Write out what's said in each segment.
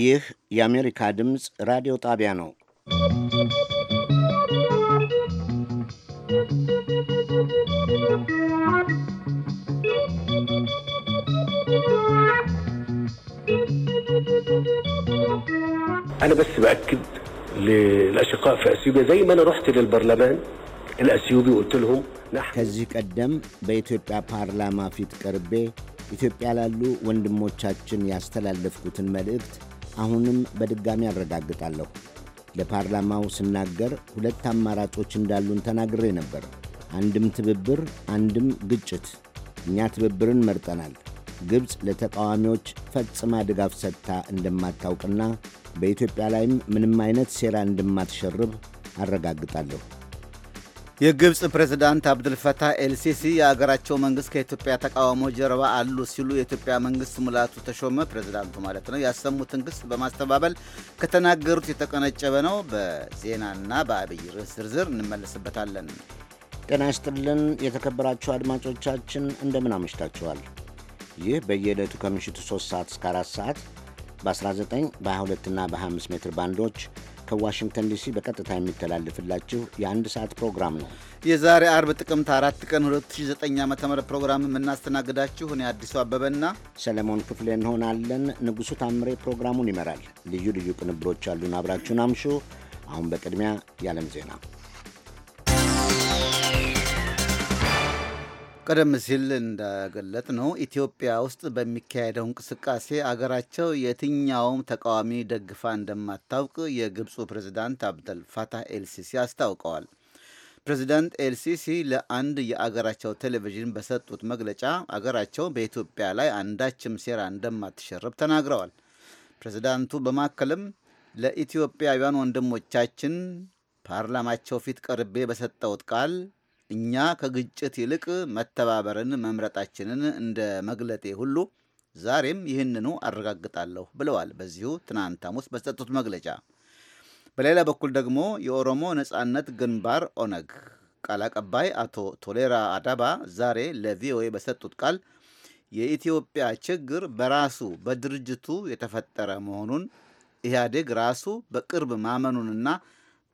ይህ የአሜሪካ ድምፅ ራዲዮ ጣቢያ ነው። أنا بس بأكد للأشقاء في أثيوبيا زي ما أنا رحت للبرلمان الأثيوبي وقلت لهم ከዚህ ቀደም በኢትዮጵያ ፓርላማ ፊት ቀርቤ ኢትዮጵያ ላሉ ወንድሞቻችን ያስተላለፍኩትን መልእክት አሁንም በድጋሚ አረጋግጣለሁ። ለፓርላማው ስናገር ሁለት አማራጮች እንዳሉን ተናግሬ ነበር። አንድም ትብብር፣ አንድም ግጭት። እኛ ትብብርን መርጠናል። ግብፅ ለተቃዋሚዎች ፈጽማ ድጋፍ ሰጥታ እንደማታውቅና በኢትዮጵያ ላይም ምንም አይነት ሴራ እንደማትሸርብ አረጋግጣለሁ። የግብፅ ፕሬዝዳንት አብድልፈታህ ኤልሲሲ የአገራቸው መንግስት ከኢትዮጵያ ተቃውሞ ጀርባ አሉ ሲሉ የኢትዮጵያ መንግስት ሙላቱ ተሾመ ፕሬዝዳንቱ ማለት ነው ያሰሙትን ክስ በማስተባበል ከተናገሩት የተቀነጨበ ነው። በዜናና በአብይ ርዕስ ዝርዝር እንመለስበታለን። ጤና ይስጥልን የተከበራችሁ አድማጮቻችን እንደምን አመሽታችኋል። ይህ በየዕለቱ ከምሽቱ 3 ሰዓት እስከ 4 ሰዓት በ19 በ22ና በ25 ሜትር ባንዶች ከዋሽንግተን ዲሲ በቀጥታ የሚተላልፍላችሁ የአንድ ሰዓት ፕሮግራም ነው። የዛሬ አርብ ጥቅምት አራት ቀን 2009 ዓ ም ፕሮግራም የምናስተናግዳችሁ እኔ አዲሱ አበበና ሰለሞን ክፍሌ እንሆናለን። ንጉሡ ታምሬ ፕሮግራሙን ይመራል። ልዩ ልዩ ቅንብሮች አሉን። አብራችሁን አምሹ። አሁን በቅድሚያ የዓለም ዜና ቀደም ሲል እንደገለጥ ነው ኢትዮጵያ ውስጥ በሚካሄደው እንቅስቃሴ አገራቸው የትኛውም ተቃዋሚ ደግፋ እንደማታውቅ የግብፁ ፕሬዚዳንት አብደል ፋታህ ኤልሲሲ አስታውቀዋል። ፕሬዚዳንት ኤልሲሲ ለአንድ የአገራቸው ቴሌቪዥን በሰጡት መግለጫ አገራቸው በኢትዮጵያ ላይ አንዳችም ሴራ እንደማትሸርብ ተናግረዋል። ፕሬዚዳንቱ በማከልም ለኢትዮጵያውያን ወንድሞቻችን ፓርላማቸው ፊት ቀርቤ በሰጠሁት ቃል እኛ ከግጭት ይልቅ መተባበርን መምረጣችንን እንደ መግለጤ ሁሉ ዛሬም ይህንኑ አረጋግጣለሁ ብለዋል። በዚሁ ትናንት ሐሙስ በሰጡት መግለጫ። በሌላ በኩል ደግሞ የኦሮሞ ነጻነት ግንባር ኦነግ ቃል አቀባይ አቶ ቶሌራ አዳባ ዛሬ ለቪኦኤ በሰጡት ቃል የኢትዮጵያ ችግር በራሱ በድርጅቱ የተፈጠረ መሆኑን ኢህአዴግ ራሱ በቅርብ ማመኑንና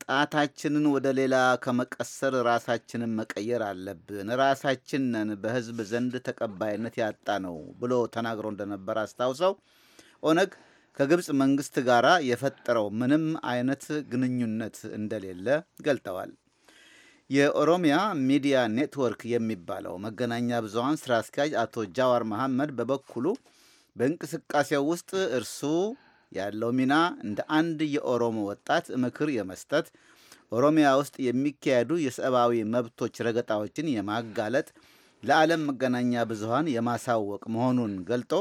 ጣታችንን ወደ ሌላ ከመቀሰር ራሳችንን መቀየር አለብን፣ ራሳችን ነን በህዝብ ዘንድ ተቀባይነት ያጣ ነው ብሎ ተናግሮ እንደነበር አስታውሰው ኦነግ ከግብፅ መንግስት ጋር የፈጠረው ምንም አይነት ግንኙነት እንደሌለ ገልጠዋል። የኦሮሚያ ሚዲያ ኔትወርክ የሚባለው መገናኛ ብዙሀን ስራ አስኪያጅ አቶ ጃዋር መሐመድ በበኩሉ በእንቅስቃሴው ውስጥ እርሱ ያለው ሚና እንደ አንድ የኦሮሞ ወጣት ምክር የመስጠት ኦሮሚያ ውስጥ የሚካሄዱ የሰብአዊ መብቶች ረገጣዎችን የማጋለጥ ለዓለም መገናኛ ብዙሃን የማሳወቅ መሆኑን ገልጦ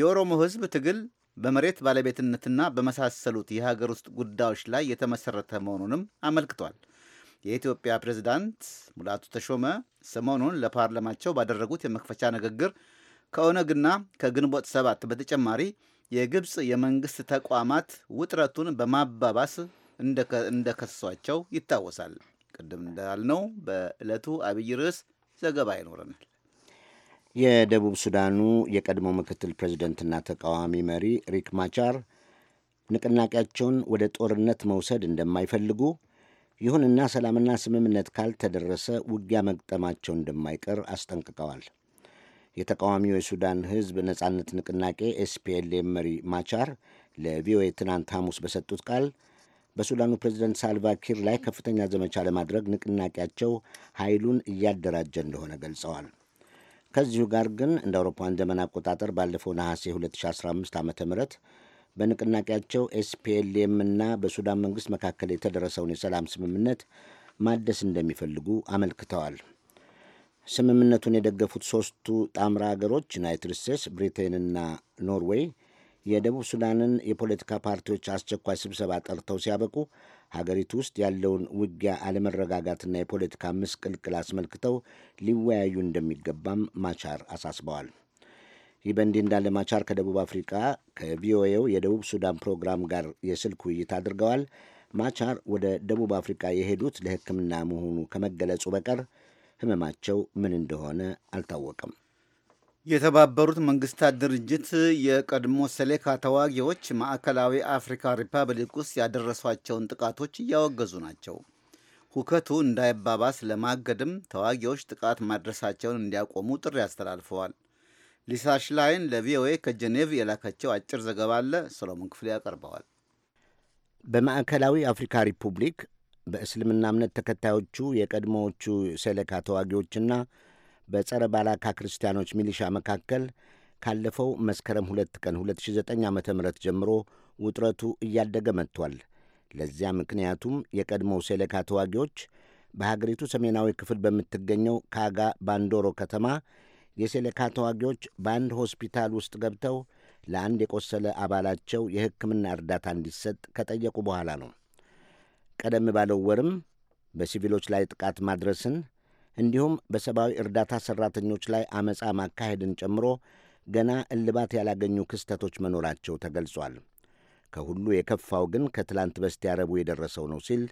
የኦሮሞ ሕዝብ ትግል በመሬት ባለቤትነትና በመሳሰሉት የሀገር ውስጥ ጉዳዮች ላይ የተመሰረተ መሆኑንም አመልክቷል። የኢትዮጵያ ፕሬዝዳንት ሙላቱ ተሾመ ሰሞኑን ለፓርላማቸው ባደረጉት የመክፈቻ ንግግር ከኦነግና ከግንቦት ሰባት በተጨማሪ የግብፅ የመንግስት ተቋማት ውጥረቱን በማባባስ እንደከሷቸው ይታወሳል። ቅድም እንዳልነው በዕለቱ አብይ ርዕስ ዘገባ ይኖረናል። የደቡብ ሱዳኑ የቀድሞ ምክትል ፕሬዚደንትና ተቃዋሚ መሪ ሪክ ማቻር ንቅናቄያቸውን ወደ ጦርነት መውሰድ እንደማይፈልጉ ይሁንና ሰላምና ስምምነት ካልተደረሰ ውጊያ መግጠማቸው እንደማይቀር አስጠንቅቀዋል። የተቃዋሚው የሱዳን ሕዝብ ነጻነት ንቅናቄ ኤስፒኤልኤም መሪ ማቻር ለቪኦኤ ትናንት ሐሙስ በሰጡት ቃል በሱዳኑ ፕሬዚደንት ሳልቫኪር ላይ ከፍተኛ ዘመቻ ለማድረግ ንቅናቄያቸው ኃይሉን እያደራጀ እንደሆነ ገልጸዋል። ከዚሁ ጋር ግን እንደ አውሮፓውያን ዘመን አቆጣጠር ባለፈው ነሐሴ 2015 ዓ ም በንቅናቄያቸው ኤስፒኤልኤም እና በሱዳን መንግሥት መካከል የተደረሰውን የሰላም ስምምነት ማደስ እንደሚፈልጉ አመልክተዋል። ስምምነቱን የደገፉት ሦስቱ ጣምራ አገሮች ዩናይትድ ስቴትስ፣ ብሪቴንና ኖርዌይ የደቡብ ሱዳንን የፖለቲካ ፓርቲዎች አስቸኳይ ስብሰባ ጠርተው ሲያበቁ ሀገሪቱ ውስጥ ያለውን ውጊያ አለመረጋጋትና የፖለቲካ ምስቅልቅል አስመልክተው ሊወያዩ እንደሚገባም ማቻር አሳስበዋል። ይህ በእንዲህ እንዳለ ማቻር ከደቡብ አፍሪካ ከቪኦኤው የደቡብ ሱዳን ፕሮግራም ጋር የስልክ ውይይት አድርገዋል። ማቻር ወደ ደቡብ አፍሪካ የሄዱት ለሕክምና መሆኑ ከመገለጹ በቀር ህመማቸው ምን እንደሆነ አልታወቀም። የተባበሩት መንግስታት ድርጅት የቀድሞ ሰሌካ ተዋጊዎች ማዕከላዊ አፍሪካ ሪፐብሊክ ውስጥ ያደረሷቸውን ጥቃቶች እያወገዙ ናቸው። ሁከቱ እንዳይባባስ ለማገድም ተዋጊዎች ጥቃት ማድረሳቸውን እንዲያቆሙ ጥሪ አስተላልፈዋል። ሊሳ ሽላይን ለቪኦኤ ከጀኔቭ የላከቸው አጭር ዘገባ አለ። ሰሎሞን ክፍሌ ያቀርበዋል። በማዕከላዊ አፍሪካ ሪፑብሊክ በእስልምና እምነት ተከታዮቹ የቀድሞዎቹ ሴሌካ ተዋጊዎችና በጸረ ባላካ ክርስቲያኖች ሚሊሻ መካከል ካለፈው መስከረም 2 ቀን 2009 ዓ ም ጀምሮ ውጥረቱ እያደገ መጥቷል። ለዚያ ምክንያቱም የቀድሞው ሴሌካ ተዋጊዎች በሀገሪቱ ሰሜናዊ ክፍል በምትገኘው ካጋ ባንዶሮ ከተማ የሴሌካ ተዋጊዎች በአንድ ሆስፒታል ውስጥ ገብተው ለአንድ የቆሰለ አባላቸው የሕክምና እርዳታ እንዲሰጥ ከጠየቁ በኋላ ነው። ቀደም ባለው ወርም በሲቪሎች ላይ ጥቃት ማድረስን እንዲሁም በሰብአዊ እርዳታ ሠራተኞች ላይ አመፃ ማካሄድን ጨምሮ ገና እልባት ያላገኙ ክስተቶች መኖራቸው ተገልጿል። ከሁሉ የከፋው ግን ከትላንት በስቲያ ረቡዕ የደረሰው ነው ሲል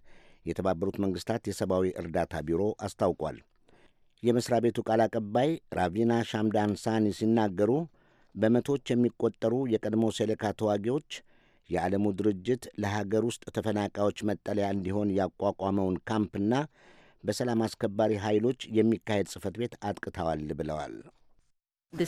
የተባበሩት መንግሥታት የሰብአዊ እርዳታ ቢሮ አስታውቋል። የመሥሪያ ቤቱ ቃል አቀባይ ራቪና ሻምዳን ሳኒ ሲናገሩ በመቶዎች የሚቆጠሩ የቀድሞ ሴሌካ ተዋጊዎች የዓለሙ ድርጅት ለሀገር ውስጥ ተፈናቃዮች መጠለያ እንዲሆን ያቋቋመውን ካምፕና በሰላም አስከባሪ ኃይሎች የሚካሄድ ጽህፈት ቤት አጥቅተዋል ብለዋል። uh,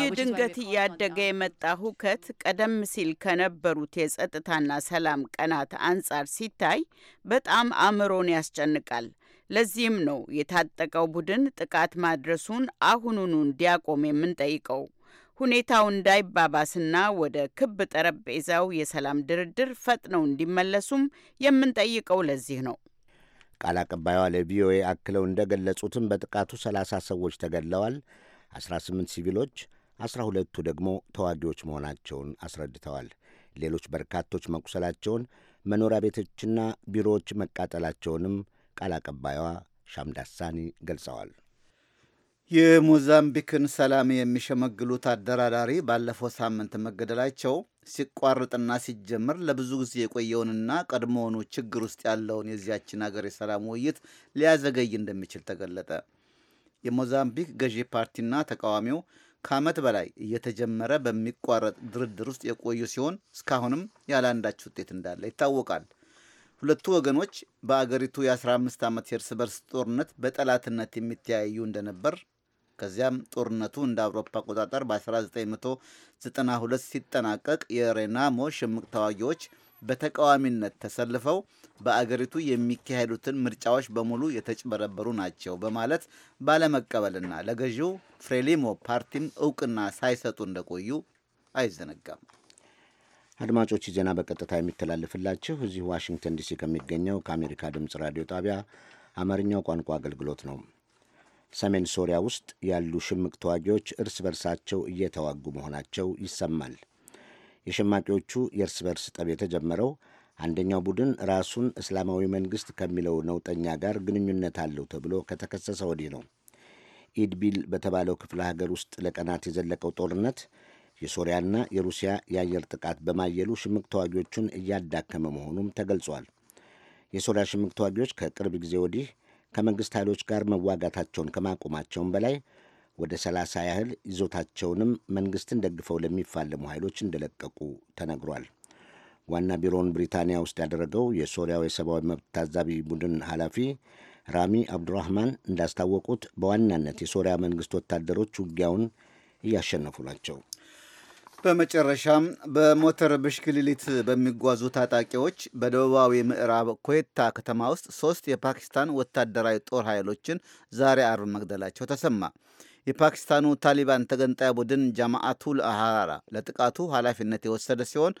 ይህ ድንገት እያደገ የመጣ ሁከት ቀደም ሲል ከነበሩት የጸጥታና ሰላም ቀናት አንጻር ሲታይ በጣም አእምሮን ያስጨንቃል። ለዚህም ነው የታጠቀው ቡድን ጥቃት ማድረሱን አሁኑኑ እንዲያቆም የምንጠይቀው። ሁኔታው እንዳይባባስና ወደ ክብ ጠረጴዛው የሰላም ድርድር ፈጥነው እንዲመለሱም የምንጠይቀው ለዚህ ነው። ቃል አቀባይዋ ለቪኦኤ አክለው እንደገለጹትም በጥቃቱ 30 ሰዎች ተገድለዋል፣ 18 ሲቪሎች፣ 12ቱ ደግሞ ተዋጊዎች መሆናቸውን አስረድተዋል። ሌሎች በርካቶች መቁሰላቸውን፣ መኖሪያ ቤቶችና ቢሮዎች መቃጠላቸውንም ቃል አቀባይዋ ሻምዳሳኒ ገልጸዋል። የሞዛምቢክን ሰላም የሚሸመግሉት አደራዳሪ ባለፈው ሳምንት መገደላቸው ሲቋርጥና ሲጀምር ለብዙ ጊዜ የቆየውንና ቀድሞውኑ ችግር ውስጥ ያለውን የዚያችን ሀገር የሰላም ውይይት ሊያዘገይ እንደሚችል ተገለጠ። የሞዛምቢክ ገዢ ፓርቲና ተቃዋሚው ከዓመት በላይ እየተጀመረ በሚቋረጥ ድርድር ውስጥ የቆዩ ሲሆን እስካሁንም ያለ አንዳች ውጤት እንዳለ ይታወቃል። ሁለቱ ወገኖች በአገሪቱ የ15 ዓመት የእርስ በርስ ጦርነት በጠላትነት የሚተያዩ እንደነበር ከዚያም ጦርነቱ እንደ አውሮፓ አቆጣጠር በ1992 ሲጠናቀቅ የሬናሞ ሽምቅ ተዋጊዎች በተቃዋሚነት ተሰልፈው በአገሪቱ የሚካሄዱትን ምርጫዎች በሙሉ የተጭበረበሩ ናቸው በማለት ባለመቀበልና ለገዢው ፍሬሊሞ ፓርቲም እውቅና ሳይሰጡ እንደቆዩ አይዘነጋም። አድማጮች ዜና በቀጥታ የሚተላለፍላችሁ እዚህ ዋሽንግተን ዲሲ ከሚገኘው ከአሜሪካ ድምፅ ራዲዮ ጣቢያ አማርኛው ቋንቋ አገልግሎት ነው። ሰሜን ሶሪያ ውስጥ ያሉ ሽምቅ ተዋጊዎች እርስ በርሳቸው እየተዋጉ መሆናቸው ይሰማል። የሸማቂዎቹ የእርስ በርስ ጠብ የተጀመረው አንደኛው ቡድን ራሱን እስላማዊ መንግሥት ከሚለው ነውጠኛ ጋር ግንኙነት አለው ተብሎ ከተከሰሰ ወዲህ ነው። ኢድቢል በተባለው ክፍለ ሀገር ውስጥ ለቀናት የዘለቀው ጦርነት የሶሪያና የሩሲያ የአየር ጥቃት በማየሉ ሽምቅ ተዋጊዎቹን እያዳከመ መሆኑም ተገልጿል። የሶሪያ ሽምቅ ተዋጊዎች ከቅርብ ጊዜ ወዲህ ከመንግሥት ኃይሎች ጋር መዋጋታቸውን ከማቆማቸውም በላይ ወደ 30 ያህል ይዞታቸውንም መንግሥትን ደግፈው ለሚፋለሙ ኃይሎች እንደለቀቁ ተነግሯል። ዋና ቢሮውን ብሪታንያ ውስጥ ያደረገው የሶሪያው የሰብአዊ መብት ታዛቢ ቡድን ኃላፊ ራሚ አብዱራህማን እንዳስታወቁት በዋናነት የሶሪያ መንግሥት ወታደሮች ውጊያውን እያሸነፉ ናቸው። በመጨረሻም በሞተር ብሽክሊት በሚጓዙ ታጣቂዎች በደቡባዊ ምዕራብ ኮይታ ከተማ ውስጥ ሶስት የፓኪስታን ወታደራዊ ጦር ኃይሎችን ዛሬ አርብ መግደላቸው ተሰማ። የፓኪስታኑ ታሊባን ተገንጣይ ቡድን ጃማአቱል አሃራ ለጥቃቱ ኃላፊነት የወሰደ ሲሆን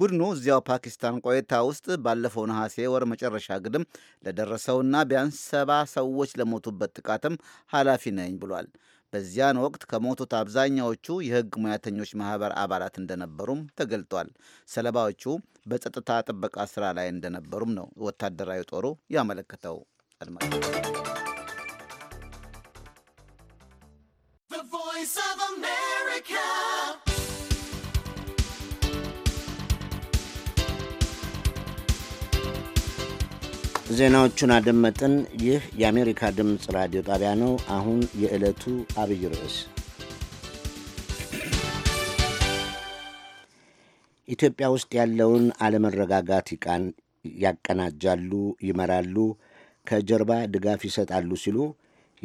ቡድኑ እዚያው ፓኪስታን ቆይታ ውስጥ ባለፈው ነሐሴ ወር መጨረሻ ግድም ለደረሰውና ቢያንስ ሰባ ሰዎች ለሞቱበት ጥቃትም ኃላፊ ነኝ ብሏል። በዚያን ወቅት ከሞቱት አብዛኛዎቹ የሕግ ሙያተኞች ማህበር አባላት እንደነበሩም ተገልጧል። ሰለባዎቹ በጸጥታ ጥበቃ ስራ ላይ እንደነበሩም ነው ወታደራዊ ጦሩ ያመለከተው። አድማ። ዜናዎቹን አደመጥን። ይህ የአሜሪካ ድምፅ ራዲዮ ጣቢያ ነው። አሁን የዕለቱ አብይ ርዕስ ኢትዮጵያ ውስጥ ያለውን አለመረጋጋት ያቀናጃሉ፣ ይመራሉ፣ ከጀርባ ድጋፍ ይሰጣሉ ሲሉ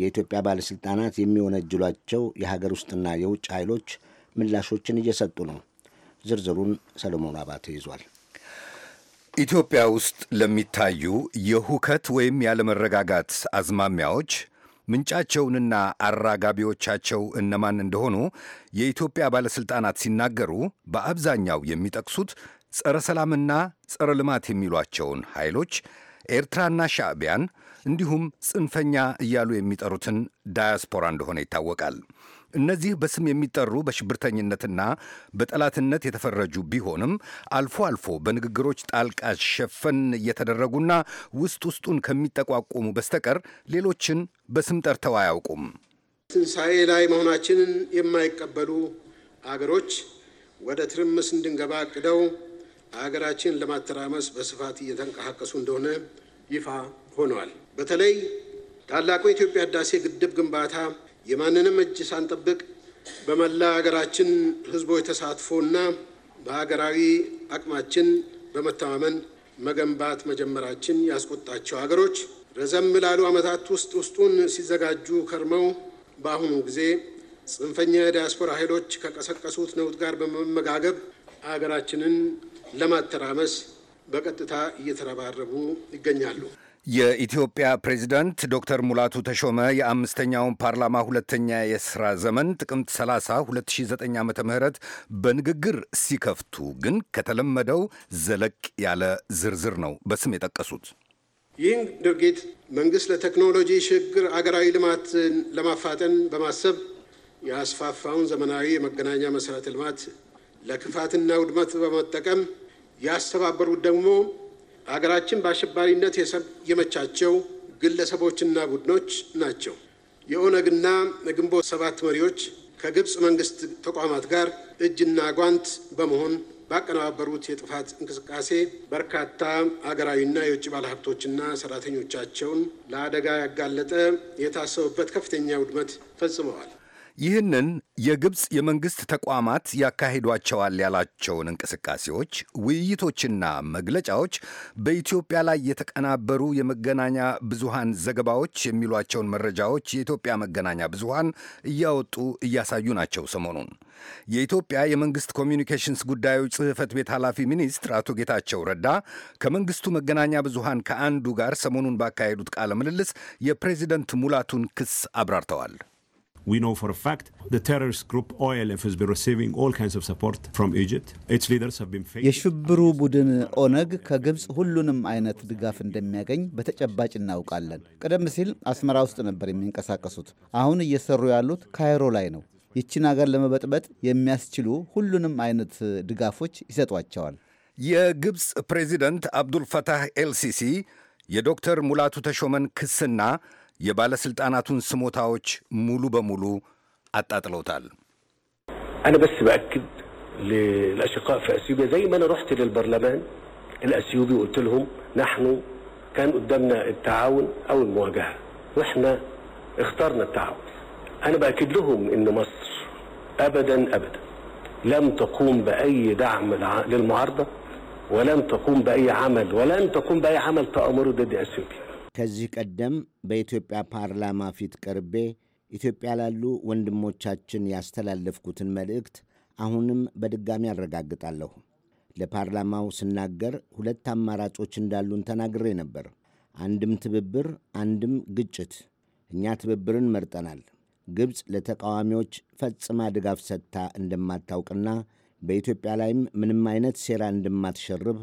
የኢትዮጵያ ባለሥልጣናት የሚወነጅሏቸው የሀገር ውስጥና የውጭ ኃይሎች ምላሾችን እየሰጡ ነው። ዝርዝሩን ሰለሞን አባተ ይዟል። ኢትዮጵያ ውስጥ ለሚታዩ የሁከት ወይም ያለመረጋጋት አዝማሚያዎች ምንጫቸውንና አራጋቢዎቻቸው እነማን እንደሆኑ የኢትዮጵያ ባለሥልጣናት ሲናገሩ በአብዛኛው የሚጠቅሱት ጸረ ሰላምና ጸረ ልማት የሚሏቸውን ኃይሎች ኤርትራና ሻዕቢያን እንዲሁም ጽንፈኛ እያሉ የሚጠሩትን ዳያስፖራ እንደሆነ ይታወቃል። እነዚህ በስም የሚጠሩ በሽብርተኝነትና በጠላትነት የተፈረጁ ቢሆንም አልፎ አልፎ በንግግሮች ጣልቃ ሸፈን እየተደረጉና ውስጥ ውስጡን ከሚጠቋቁሙ በስተቀር ሌሎችን በስም ጠርተው አያውቁም። ትንሣኤ ላይ መሆናችንን የማይቀበሉ አገሮች ወደ ትርምስ እንድንገባ አቅደው አገራችን ለማተራመስ በስፋት እየተንቀሳቀሱ እንደሆነ ይፋ ሆነዋል። በተለይ ታላቁ የኢትዮጵያ ሕዳሴ ግድብ ግንባታ የማንንም እጅ ሳንጠብቅ በመላ ሀገራችን ህዝቦች ተሳትፎና በሀገራዊ አቅማችን በመተማመን መገንባት መጀመራችን ያስቆጣቸው ሀገሮች ረዘም ላሉ ዓመታት ውስጥ ውስጡን ሲዘጋጁ ከርመው በአሁኑ ጊዜ ጽንፈኛ የዲያስፖራ ኃይሎች ከቀሰቀሱት ነውጥ ጋር በመመጋገብ ሀገራችንን ለማተራመስ በቀጥታ እየተረባረቡ ይገኛሉ። የኢትዮጵያ ፕሬዚዳንት ዶክተር ሙላቱ ተሾመ የአምስተኛውን ፓርላማ ሁለተኛ የስራ ዘመን ጥቅምት 30 2009 ዓ ም በንግግር ሲከፍቱ ግን ከተለመደው ዘለቅ ያለ ዝርዝር ነው በስም የጠቀሱት። ይህን ድርጊት መንግሥት ለቴክኖሎጂ ሽግግር አገራዊ ልማት ለማፋጠን በማሰብ የአስፋፋውን ዘመናዊ የመገናኛ መሠረተ ልማት ለክፋትና ውድመት በመጠቀም ያስተባበሩት ደግሞ ሀገራችን በአሸባሪነት የመቻቸው ግለሰቦችና ቡድኖች ናቸው። የኦነግና የግንቦት ሰባት መሪዎች ከግብፅ መንግስት ተቋማት ጋር እጅና ጓንት በመሆን ባቀነባበሩት የጥፋት እንቅስቃሴ በርካታ አገራዊና የውጭ ባለሀብቶችና ሰራተኞቻቸውን ለአደጋ ያጋለጠ የታሰቡበት ከፍተኛ ውድመት ፈጽመዋል። ይህንን የግብፅ የመንግሥት ተቋማት ያካሂዷቸዋል ያላቸውን እንቅስቃሴዎች፣ ውይይቶችና መግለጫዎች በኢትዮጵያ ላይ የተቀናበሩ የመገናኛ ብዙሃን ዘገባዎች የሚሏቸውን መረጃዎች የኢትዮጵያ መገናኛ ብዙሃን እያወጡ እያሳዩ ናቸው። ሰሞኑን የኢትዮጵያ የመንግሥት ኮሚኒኬሽንስ ጉዳዮች ጽሕፈት ቤት ኃላፊ ሚኒስትር አቶ ጌታቸው ረዳ ከመንግሥቱ መገናኛ ብዙሃን ከአንዱ ጋር ሰሞኑን ባካሄዱት ቃለ ምልልስ የፕሬዚደንት ሙላቱን ክስ አብራርተዋል። We know for a fact the terrorist group OLF has been receiving all kinds of support from Egypt. Its leaders have been የሽብሩ ቡድን ኦነግ ከግብፅ ሁሉንም አይነት ድጋፍ እንደሚያገኝ በተጨባጭ እናውቃለን። ቀደም ሲል አስመራ ውስጥ ነበር የሚንቀሳቀሱት። አሁን እየሰሩ ያሉት ካይሮ ላይ ነው። ይችን ሀገር ለመበጥበጥ የሚያስችሉ ሁሉንም አይነት ድጋፎች ይሰጧቸዋል። የግብፅ ፕሬዚደንት አብዱልፈታህ ኤልሲሲ የዶክተር ሙላቱ ተሾመን ክስና የባለሥልጣናቱን ስሞታዎች ሙሉ በሙሉ አጣጥለውታል። أنا بس بأكد للأشقاء في أثيوبيا زي ما أنا رحت للبرلمان الأثيوبي وقلت لهم نحن كان قدامنا التعاون أو المواجهة وإحنا اخترنا التعاون أنا بأكد لهم إن مصر أبدا أبدا لم تقوم بأي دعم للمعارضة ولم تقوم بأي عمل ولن تقوم بأي عمل تأمره ضد أثيوبيا ከዚህ ቀደም በኢትዮጵያ ፓርላማ ፊት ቀርቤ ኢትዮጵያ ላሉ ወንድሞቻችን ያስተላለፍኩትን መልእክት አሁንም በድጋሚ አረጋግጣለሁ። ለፓርላማው ስናገር ሁለት አማራጮች እንዳሉን ተናግሬ ነበር። አንድም ትብብር፣ አንድም ግጭት። እኛ ትብብርን መርጠናል። ግብፅ ለተቃዋሚዎች ፈጽማ ድጋፍ ሰጥታ እንደማታውቅና በኢትዮጵያ ላይም ምንም አይነት ሴራ እንደማትሸርብ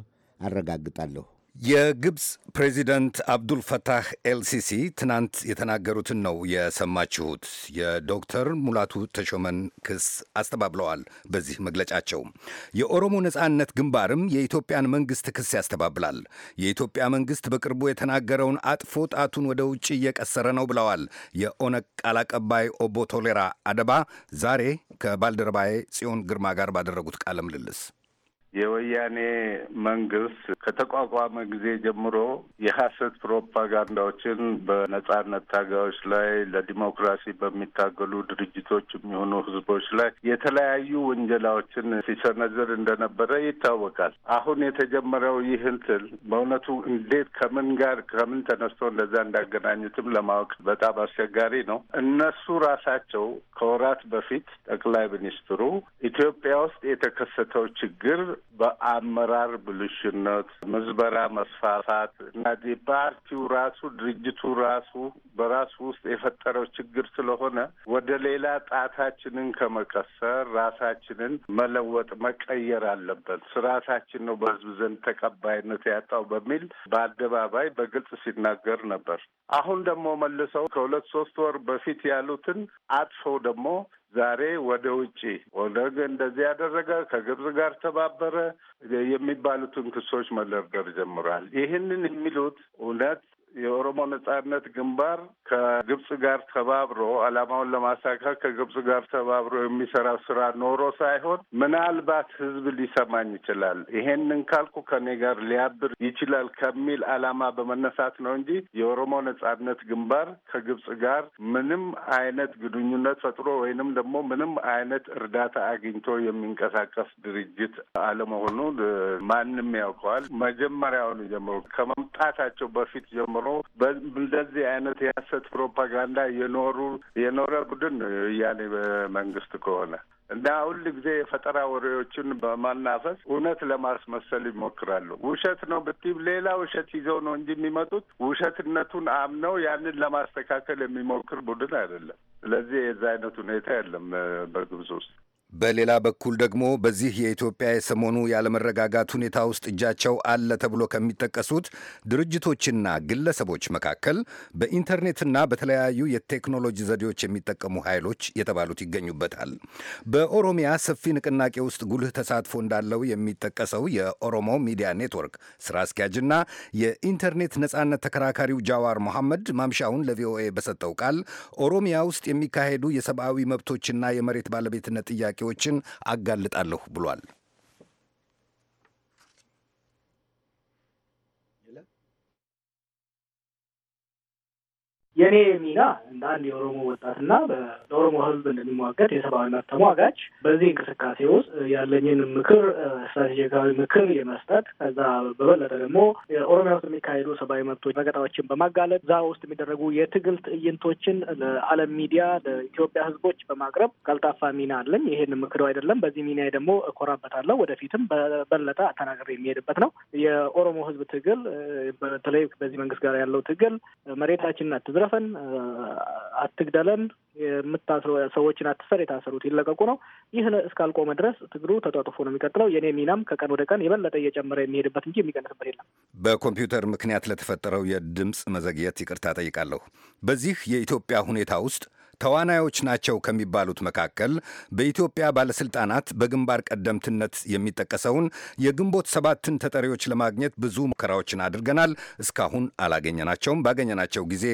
አረጋግጣለሁ። የግብፅ ፕሬዚደንት አብዱል ፈታህ ኤልሲሲ ትናንት የተናገሩትን ነው የሰማችሁት። የዶክተር ሙላቱ ተሾመን ክስ አስተባብለዋል። በዚህ መግለጫቸው የኦሮሞ ነጻነት ግንባርም የኢትዮጵያን መንግስት ክስ ያስተባብላል። የኢትዮጵያ መንግስት በቅርቡ የተናገረውን አጥፎ ጣቱን ወደ ውጭ እየቀሰረ ነው ብለዋል። የኦነግ ቃል አቀባይ ኦቦ ቶሌራ አደባ ዛሬ ከባልደረባዬ ጽዮን ግርማ ጋር ባደረጉት ቃለ ምልልስ የወያኔ መንግስት ከተቋቋመ ጊዜ ጀምሮ የሀሰት ፕሮፓጋንዳዎችን በነጻነት ታጋዮች ላይ ለዲሞክራሲ በሚታገሉ ድርጅቶች የሚሆኑ ህዝቦች ላይ የተለያዩ ወንጀላዎችን ሲሰነዝር እንደነበረ ይታወቃል። አሁን የተጀመረው ይህ እንትን በእውነቱ እንዴት ከምን ጋር ከምን ተነስቶ እንደዛ እንዳገናኙትም ለማወቅ በጣም አስቸጋሪ ነው። እነሱ ራሳቸው ከወራት በፊት ጠቅላይ ሚኒስትሩ ኢትዮጵያ ውስጥ የተከሰተው ችግር በአመራር ብልሽነት፣ ምዝበራ መስፋፋት እና ፓርቲው ራሱ ድርጅቱ ራሱ በራሱ ውስጥ የፈጠረው ችግር ስለሆነ ወደ ሌላ ጣታችንን ከመቀሰር ራሳችንን መለወጥ መቀየር አለበት። ስርዓታችን ነው በህዝብ ዘንድ ተቀባይነት ያጣው በሚል በአደባባይ በግልጽ ሲናገር ነበር። አሁን ደግሞ መልሰው ከሁለት ሶስት ወር በፊት ያሉትን አጥፈው ደግሞ ዛሬ ወደ ውጭ ኦነግ እንደዚህ ያደረገ ከግብጽ ጋር ተባበረ የሚባሉትን ክሶች መደርደር ጀምሯል። ይህንን የሚሉት እውነት የኦሮሞ ነጻነት ግንባር ከግብጽ ጋር ተባብሮ አላማውን ለማሳካት ከግብጽ ጋር ተባብሮ የሚሰራ ስራ ኖሮ ሳይሆን ምናልባት ህዝብ ሊሰማኝ ይችላል፣ ይሄንን ካልኩ ከኔ ጋር ሊያብር ይችላል ከሚል አላማ በመነሳት ነው እንጂ የኦሮሞ ነጻነት ግንባር ከግብጽ ጋር ምንም አይነት ግንኙነት ፈጥሮ ወይንም ደግሞ ምንም አይነት እርዳታ አግኝቶ የሚንቀሳቀስ ድርጅት አለመሆኑን ማንም ያውቀዋል። መጀመሪያውን ጀምሮ ከመምጣታቸው በፊት ጀምሮ ጀምሮ እንደዚህ አይነት የሀሰት ፕሮፓጋንዳ የኖሩ የኖረ ቡድን እያኔ በመንግስት ከሆነ እና ሁል ጊዜ የፈጠራ ወሬዎችን በማናፈስ እውነት ለማስመሰል ይሞክራሉ። ውሸት ነው ብትም ሌላ ውሸት ይዘው ነው እንጂ የሚመጡት ውሸትነቱን አምነው ያንን ለማስተካከል የሚሞክር ቡድን አይደለም። ስለዚህ የዛ አይነት ሁኔታ የለም በግብጽ ውስጥ። በሌላ በኩል ደግሞ በዚህ የኢትዮጵያ የሰሞኑ ያለመረጋጋት ሁኔታ ውስጥ እጃቸው አለ ተብሎ ከሚጠቀሱት ድርጅቶችና ግለሰቦች መካከል በኢንተርኔትና በተለያዩ የቴክኖሎጂ ዘዴዎች የሚጠቀሙ ኃይሎች የተባሉት ይገኙበታል። በኦሮሚያ ሰፊ ንቅናቄ ውስጥ ጉልህ ተሳትፎ እንዳለው የሚጠቀሰው የኦሮሞ ሚዲያ ኔትወርክ ስራ አስኪያጅና የኢንተርኔት ነጻነት ተከራካሪው ጃዋር መሐመድ ማምሻውን ለቪኦኤ በሰጠው ቃል ኦሮሚያ ውስጥ የሚካሄዱ የሰብአዊ መብቶችና የመሬት ባለቤትነት ጥያቄ ጥያቄዎችን አጋልጣለሁ ብሏል። የኔ ሚና እንደ አንድ የኦሮሞ ወጣትና ለኦሮሞ ሕዝብ እንደሚሟገት የሰብአዊ መብት ተሟጋች በዚህ እንቅስቃሴ ውስጥ ያለኝን ምክር፣ ስትራቴጂካዊ ምክር የመስጠት ከዛ በበለጠ ደግሞ ኦሮሚያ ውስጥ የሚካሄዱ ሰብአዊ መብቶች ረገጣዎችን በማጋለጥ እዛ ውስጥ የሚደረጉ የትግል ትዕይንቶችን ለዓለም ሚዲያ ለኢትዮጵያ ሕዝቦች በማቅረብ ቀልጣፋ ሚና አለኝ። ይሄን ምክር አይደለም በዚህ ሚና ደግሞ እኮራበታለሁ። ወደፊትም በበለጠ አተናገር የሚሄድበት ነው። የኦሮሞ ሕዝብ ትግል በተለይ በዚህ መንግስት ጋር ያለው ትግል መሬታችንና አትዘፈን፣ አትግደለን፣ የምታስረ ሰዎችን አትሰር፣ የታሰሩት ይለቀቁ ነው። ይህ እስካልቆመ ድረስ ትግሉ ተጧጥፎ ነው የሚቀጥለው። የኔ ሚናም ከቀን ወደ ቀን የበለጠ እየጨመረ የሚሄድበት እንጂ የሚቀንስበት የለም። በኮምፒውተር ምክንያት ለተፈጠረው የድምፅ መዘግየት ይቅርታ ጠይቃለሁ። በዚህ የኢትዮጵያ ሁኔታ ውስጥ ተዋናዮች ናቸው ከሚባሉት መካከል በኢትዮጵያ ባለስልጣናት በግንባር ቀደምትነት የሚጠቀሰውን የግንቦት ሰባትን ተጠሪዎች ለማግኘት ብዙ ሙከራዎችን አድርገናል። እስካሁን አላገኘናቸውም። ባገኘናቸው ጊዜ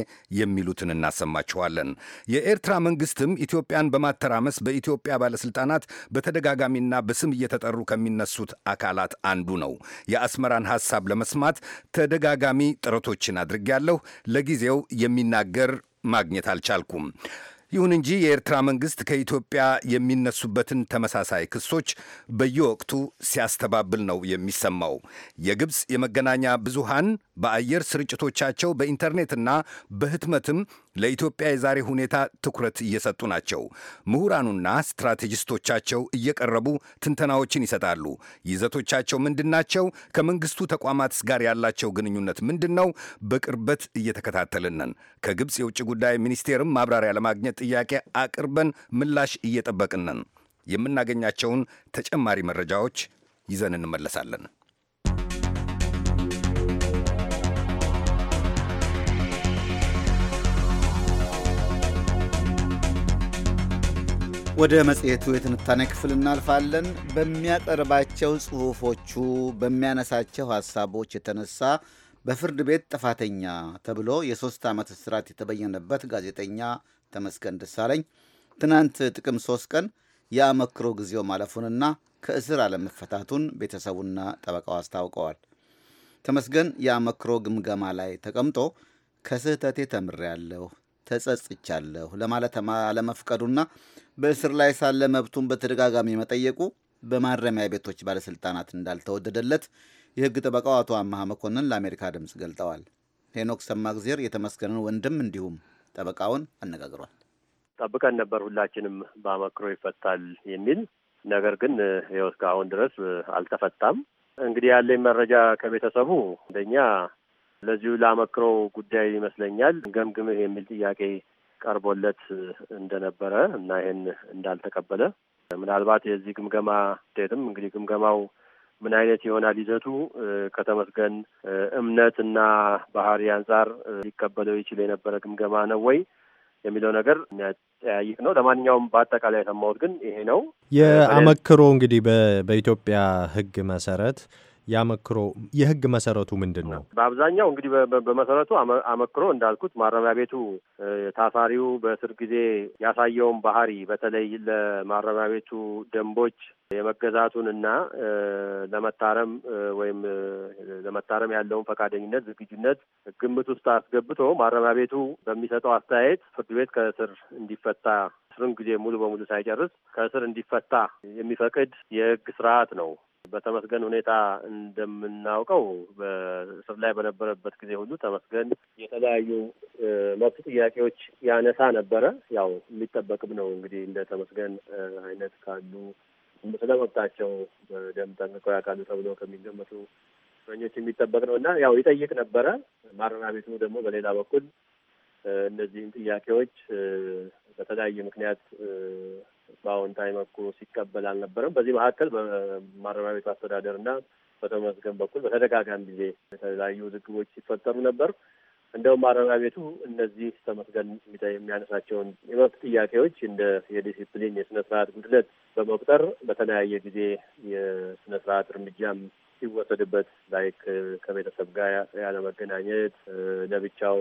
የሚሉትን እናሰማችኋለን። የኤርትራ መንግስትም ኢትዮጵያን በማተራመስ በኢትዮጵያ ባለስልጣናት በተደጋጋሚና በስም እየተጠሩ ከሚነሱት አካላት አንዱ ነው። የአስመራን ሀሳብ ለመስማት ተደጋጋሚ ጥረቶችን አድርጌያለሁ። ለጊዜው የሚናገር ማግኘት አልቻልኩም። ይሁን እንጂ የኤርትራ መንግስት ከኢትዮጵያ የሚነሱበትን ተመሳሳይ ክሶች በየወቅቱ ሲያስተባብል ነው የሚሰማው። የግብፅ የመገናኛ ብዙሃን በአየር ስርጭቶቻቸው በኢንተርኔትና በህትመትም ለኢትዮጵያ የዛሬ ሁኔታ ትኩረት እየሰጡ ናቸው። ምሁራኑና ስትራቴጂስቶቻቸው እየቀረቡ ትንተናዎችን ይሰጣሉ። ይዘቶቻቸው ምንድን ናቸው? ከመንግስቱ ተቋማት ጋር ያላቸው ግንኙነት ምንድን ነው? በቅርበት እየተከታተልንን ከግብፅ የውጭ ጉዳይ ሚኒስቴርም ማብራሪያ ለማግኘት ጥያቄ አቅርበን ምላሽ እየጠበቅንን? የምናገኛቸውን ተጨማሪ መረጃዎች ይዘን እንመለሳለን። ወደ መጽሔቱ የትንታኔ ክፍል እናልፋለን። በሚያቀርባቸው ጽሑፎቹ፣ በሚያነሳቸው ሐሳቦች የተነሳ በፍርድ ቤት ጥፋተኛ ተብሎ የሦስት ዓመት እስራት የተበየነበት ጋዜጠኛ ተመስገን ደሳለኝ ትናንት ጥቅም ሶስት ቀን የአመክሮ ጊዜው ማለፉንና ከእስር አለመፈታቱን ቤተሰቡና ጠበቃው አስታውቀዋል። ተመስገን የአመክሮ ግምገማ ላይ ተቀምጦ ከስህተቴ ተምሬያለሁ፣ ተጸጽቻለሁ ለማለት አለመፍቀዱና በእስር ላይ ሳለ መብቱን በተደጋጋሚ መጠየቁ በማረሚያ ቤቶች ባለሥልጣናት እንዳልተወደደለት የሕግ ጠበቃው አቶ አመሃ መኮንን ለአሜሪካ ድምፅ ገልጠዋል። ሄኖክ ሰማግዜር የተመስገንን ወንድም እንዲሁም ጠበቃውን አነጋግሯል። ጠብቀን ነበር ሁላችንም በአመክሮ ይፈታል የሚል ነገር ግን ይኸው እስካሁን ድረስ አልተፈታም። እንግዲህ ያለኝ መረጃ ከቤተሰቡ አንደኛ ለዚሁ ለአመክሮ ጉዳይ ይመስለኛል ገምግምህ የሚል ጥያቄ ቀርቦለት እንደነበረ እና ይህን እንዳልተቀበለ ምናልባት የዚህ ግምገማ ውጤትም እንግዲህ ግምገማው ምን አይነት ይሆናል ይዘቱ ከተመስገን እምነት እና ባህሪ አንጻር ሊቀበለው ይችል የነበረ ግምገማ ነው ወይ የሚለው ነገር የሚያጠያይቅ ነው። ለማንኛውም በአጠቃላይ የሰማሁት ግን ይሄ ነው። የአመክሮ እንግዲህ በኢትዮጵያ ሕግ መሰረት ያመክሮ የህግ መሰረቱ ምንድን ነው? በአብዛኛው እንግዲህ በመሰረቱ አመክሮ እንዳልኩት ማረሚያ ቤቱ ታሳሪው በእስር ጊዜ ያሳየውን ባህሪ በተለይ ለማረሚያ ቤቱ ደንቦች የመገዛቱን እና ለመታረም ወይም ለመታረም ያለውን ፈቃደኝነት፣ ዝግጁነት ግምት ውስጥ አስገብቶ ማረሚያ ቤቱ በሚሰጠው አስተያየት ፍርድ ቤት ከእስር እንዲፈታ እስርን ጊዜ ሙሉ በሙሉ ሳይጨርስ ከእስር እንዲፈታ የሚፈቅድ የህግ ስርዓት ነው። በተመስገን ሁኔታ እንደምናውቀው በእስር ላይ በነበረበት ጊዜ ሁሉ ተመስገን የተለያዩ መብት ጥያቄዎች ያነሳ ነበረ። ያው የሚጠበቅም ነው እንግዲህ እንደ ተመስገን አይነት ካሉ ስለ መብታቸው በደንብ ጠንቅቀው ያውቃሉ ተብለው ከሚገመቱ እስረኞች የሚጠበቅ ነው እና ያው ይጠይቅ ነበረ። ማረሚያ ቤቱ ደግሞ በሌላ በኩል እነዚህም ጥያቄዎች በተለያየ ምክንያት በአዎንታዊ መልኩ ሲቀበል አልነበረም። በዚህ መካከል በማረሚያ ቤቱ አስተዳደርና በተመስገን በኩል በተደጋጋሚ ጊዜ የተለያዩ ዝግቦች ሲፈጠሩ ነበር። እንደውም ማረሚያ ቤቱ እነዚህ ተመስገን የሚያነሳቸውን የመብት ጥያቄዎች እንደ የዲሲፕሊን የስነ ስርዓት ጉድለት በመቁጠር በተለያየ ጊዜ የስነ ስርዓት እርምጃም ሲወሰድበት ላይክ ከቤተሰብ ጋር ያለመገናኘት፣ ለብቻው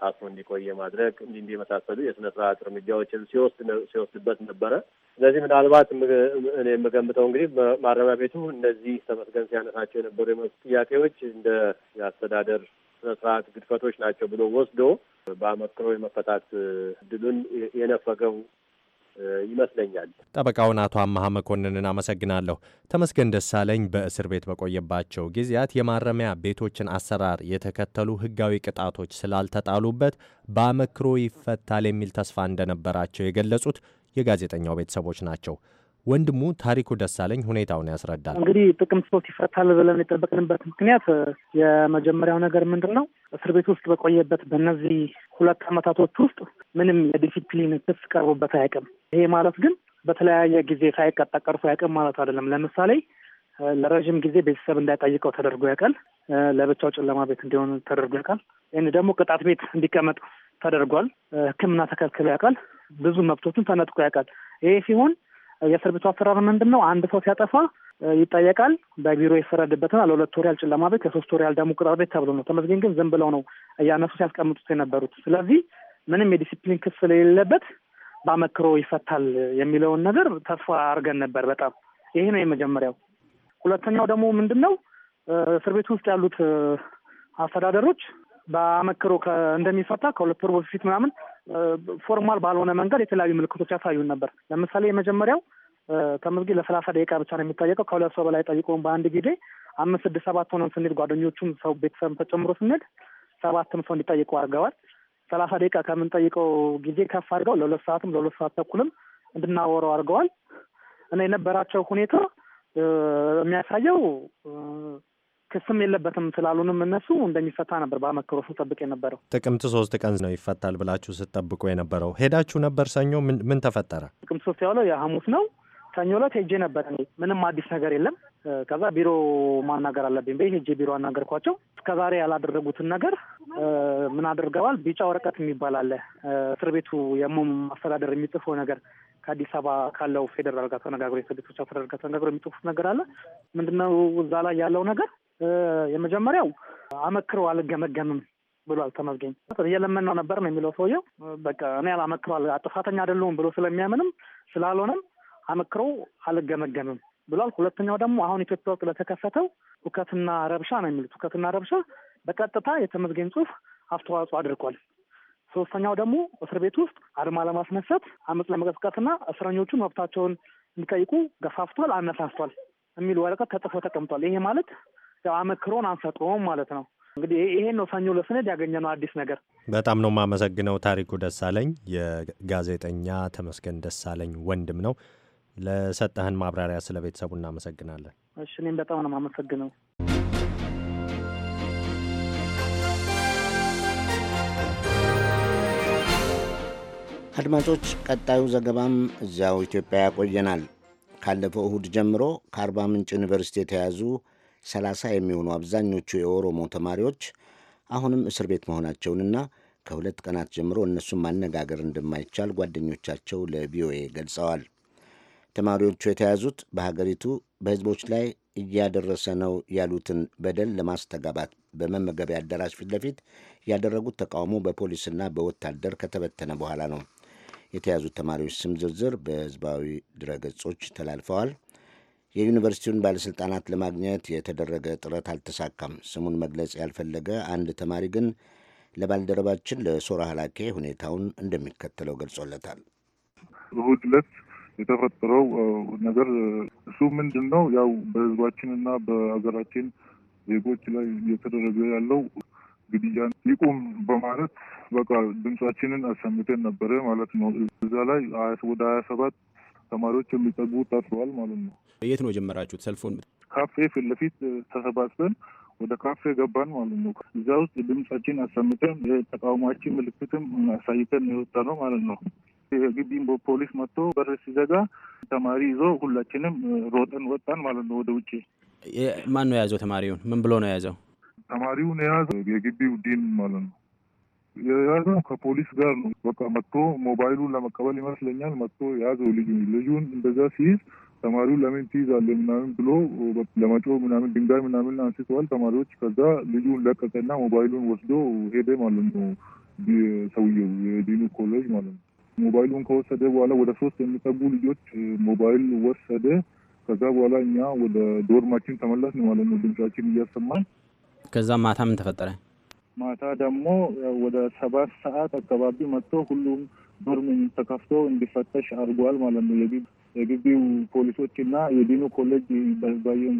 ታስሮ እንዲቆየ ማድረግ እንዲህ እንዲህ የመሳሰሉ የስነ ስርዓት እርምጃዎችን ሲወስድበት ነበረ። ስለዚህ ምናልባት እኔ የምገምተው እንግዲህ ማረሚያ ቤቱ እነዚህ ተመስገን ሲያነሳቸው የነበሩ የመብት ጥያቄዎች እንደ የአስተዳደር ስነ ስርዓት ግድፈቶች ናቸው ብሎ ወስዶ በአመክሮ የመፈታት እድሉን የነፈገው ይመስለኛል። ጠበቃውን አቶ አመሀ መኮንንን አመሰግናለሁ። ተመስገን ደሳለኝ በእስር ቤት በቆየባቸው ጊዜያት የማረሚያ ቤቶችን አሰራር የተከተሉ ሕጋዊ ቅጣቶች ስላልተጣሉበት በአመክሮ ይፈታል የሚል ተስፋ እንደነበራቸው የገለጹት የጋዜጠኛው ቤተሰቦች ናቸው። ወንድሙ ታሪኩ ደሳለኝ ሁኔታውን ያስረዳል። እንግዲህ ጥቅምት ሶስት ይፈታል ብለን የጠበቅንበት ምክንያት የመጀመሪያው ነገር ምንድን ነው? እስር ቤት ውስጥ በቆየበት በእነዚህ ሁለት አመታቶች ውስጥ ምንም የዲሲፕሊን ክስ ቀርቡበት አያውቅም። ይሄ ማለት ግን በተለያየ ጊዜ ሳይቀጣ ቀርቶ አያውቅም ማለት አይደለም። ለምሳሌ ለረዥም ጊዜ ቤተሰብ እንዳይጠይቀው ተደርጎ ያውቃል። ለብቻው ጨለማ ቤት እንዲሆን ተደርጎ ያውቃል። ይህን ደግሞ ቅጣት ቤት እንዲቀመጥ ተደርጓል። ሕክምና ተከልክሎ ያውቃል። ብዙ መብቶችን ተነጥቆ ያውቃል። ይሄ ሲሆን የእስር ቤቱ አሰራር ምንድን ነው? አንድ ሰው ሲያጠፋ ይጠየቃል፣ በቢሮ ይፈረድበትና ለሁለት ወር ያህል ጨለማ ቤት፣ ለሶስት ወር ያህል ደግሞ ቅጣት ቤት ተብሎ ነው። ተመስገን ግን ዝም ብለው ነው እያነሱ ሲያስቀምጡት የነበሩት። ስለዚህ ምንም የዲሲፕሊን ክስ ስለሌለበት በአመክሮ ይፈታል የሚለውን ነገር ተስፋ አድርገን ነበር። በጣም ይሄ ነው የመጀመሪያው። ሁለተኛው ደግሞ ምንድን ነው እስር ቤት ውስጥ ያሉት አስተዳደሮች በአመክሮ እንደሚፈታ ከሁለት ወር በፊት ምናምን ፎርማል ባልሆነ መንገድ የተለያዩ ምልክቶች ያሳዩን ነበር። ለምሳሌ የመጀመሪያው ተመዝጊ ለሰላሳ ደቂቃ ብቻ ነው የሚጠየቀው። ከሁለት ሰው በላይ ጠይቆን በአንድ ጊዜ አምስት ስድስት ሰባት ሆነን ስንሄድ ጓደኞቹም ሰው ቤተሰብ ተጨምሮ ስንሄድ ሰባትም ሰው እንዲጠይቁ አድርገዋል። ሰላሳ ደቂቃ ከምንጠይቀው ጊዜ ከፍ አድርገው ለሁለት ሰዓትም ለሁለት ሰዓት ተኩልም እንድናወረው አድርገዋል እና የነበራቸው ሁኔታ የሚያሳየው ክስም የለበትም ስላሉንም እነሱ እንደሚፈታ ነበር በመክሮ ስጠብቅ የነበረው። ጥቅምት ሶስት ቀን ነው ይፈታል ብላችሁ ስጠብቁ የነበረው ሄዳችሁ ነበር? ሰኞ ምን ተፈጠረ? ጥቅምት ሶስት ያለው የሐሙስ ነው። ሰኞ ዕለት ሄጄ ነበር። ምንም አዲስ ነገር የለም። ከዛ ቢሮ ማናገር አለብኝ በይ ሄጄ ቢሮ አናገርኳቸው። እስከዛሬ ያላደረጉትን ነገር ምን አድርገዋል? ቢጫ ወረቀት የሚባል አለ እስር ቤቱ የሙም አስተዳደር የሚጽፈው ነገር ከአዲስ አበባ ካለው ፌዴራል ጋር ተነጋግሮ የእስር አስተዳደር ጋር ተነጋግሮ የሚጽፉት ነገር አለ። ምንድነው እዛ ላይ ያለው ነገር የመጀመሪያው አመክሮ አልገመገምም ብሏል ተመስገን። እየለመን ነበር ነው የሚለው ሰውየው። በቃ እኔ አላመክሮ ጥፋተኛ አይደለሁም ብሎ ስለሚያምንም ስላልሆነም አመክሮ አልገመገምም ብሏል። ሁለተኛው ደግሞ አሁን ኢትዮጵያ ውስጥ ለተከሰተው ሁከትና ረብሻ ነው የሚሉት። ሁከትና ረብሻ በቀጥታ የተመዝገኝ ጽሁፍ አስተዋጽኦ አድርጓል። ሶስተኛው ደግሞ እስር ቤት ውስጥ አድማ ለማስነሳት አመፅ ለመቀስቀስና እስረኞቹ መብታቸውን እንዲጠይቁ ገፋፍቷል፣ አነሳስቷል የሚል ወረቀት ተጽፎ ተቀምጧል። ይሄ ማለት አመክሮን አንሰጠውም ማለት ነው። እንግዲህ ይሄን ነው ሰኞ ለሰነድ ያገኘነው አዲስ ነገር። በጣም ነው የማመሰግነው። ታሪኩ ደሳለኝ የጋዜጠኛ ተመስገን ደሳለኝ ወንድም ነው። ለሰጠህን ማብራሪያ ስለ ቤተሰቡ እናመሰግናለን። እሺ፣ እኔም በጣም ነው የማመሰግነው። አድማጮች፣ ቀጣዩ ዘገባም እዚያው ኢትዮጵያ ያቆየናል። ካለፈው እሁድ ጀምሮ ከአርባ ምንጭ ዩኒቨርሲቲ የተያዙ ሰላሳ የሚሆኑ አብዛኞቹ የኦሮሞ ተማሪዎች አሁንም እስር ቤት መሆናቸውንና ከሁለት ቀናት ጀምሮ እነሱን ማነጋገር እንደማይቻል ጓደኞቻቸው ለቪኦኤ ገልጸዋል። ተማሪዎቹ የተያዙት በሀገሪቱ በሕዝቦች ላይ እያደረሰ ነው ያሉትን በደል ለማስተጋባት በመመገቢያ አዳራሽ ፊት ለፊት ያደረጉት ተቃውሞ በፖሊስና በወታደር ከተበተነ በኋላ ነው። የተያዙት ተማሪዎች ስም ዝርዝር በሕዝባዊ ድረገጾች ተላልፈዋል። የዩኒቨርሲቲውን ባለሥልጣናት ለማግኘት የተደረገ ጥረት አልተሳካም። ስሙን መግለጽ ያልፈለገ አንድ ተማሪ ግን ለባልደረባችን ለሶራ ሀላኬ ሁኔታውን እንደሚከተለው ገልጾለታል። እሑድ ዕለት የተፈጠረው ነገር እሱ ምንድን ነው? ያው በህዝባችን እና በሀገራችን ዜጎች ላይ እየተደረገ ያለው ግድያን ይቁም በማለት በቃ ድምጻችንን አሰምተን ነበረ ማለት ነው። እዛ ላይ ወደ ሀያ ሰባት ተማሪዎች የሚጠጉ ታስረዋል ማለት ነው። የት ነው የጀመራችሁት ሰልፎን? ካፌ ፊት ለፊት ተሰባስበን ወደ ካፌ ገባን ማለት ነው። እዛ ውስጥ ድምጻችን አሰምተን የተቃውሟችን ምልክትም አሳይተን የወጣ ነው ማለት ነው። የግቢን በፖሊስ መጥቶ በር ሲዘጋ ተማሪ ይዞ ሁላችንም ሮጠን ወጣን ማለት ነው ወደ ውጭ። ማን ነው የያዘው ተማሪውን? ምን ብሎ ነው የያዘው? ተማሪውን የያዘው የግቢው ዲን ማለት ነው። የያዝነው ከፖሊስ ጋር ነው። በቃ መጥቶ ሞባይሉን ለመቀበል ይመስለኛል መጥቶ የያዘው ልዩ ልጁን እንደዛ ሲይዝ ተማሪው ለምን ትይዛለ ምናምን ብሎ ለመጮ ምናምን ድንጋይ ምናምን አንስተዋል ተማሪዎች። ከዛ ልጁን ለቀቀና ሞባይሉን ወስዶ ሄደ ማለት ነው ሰውየው የዲኑ ኮሌጅ ማለት ነው። ሞባይሉን ከወሰደ በኋላ ወደ ሶስት የሚጠጉ ልጆች ሞባይል ወሰደ። ከዛ በኋላ እኛ ወደ ዶርማችን ተመለስን ማለት ነው ድምጻችን እያሰማን። ከዛ ማታ ምን ተፈጠረ? ማታ ደግሞ ወደ ሰባት ሰዓት አካባቢ መጥቶ ሁሉም ዶርም ተከፍቶ እንዲፈተሽ አድርጓል ማለት ነው። የግቢው ፖሊሶች እና የዲኑ ኮሌጅ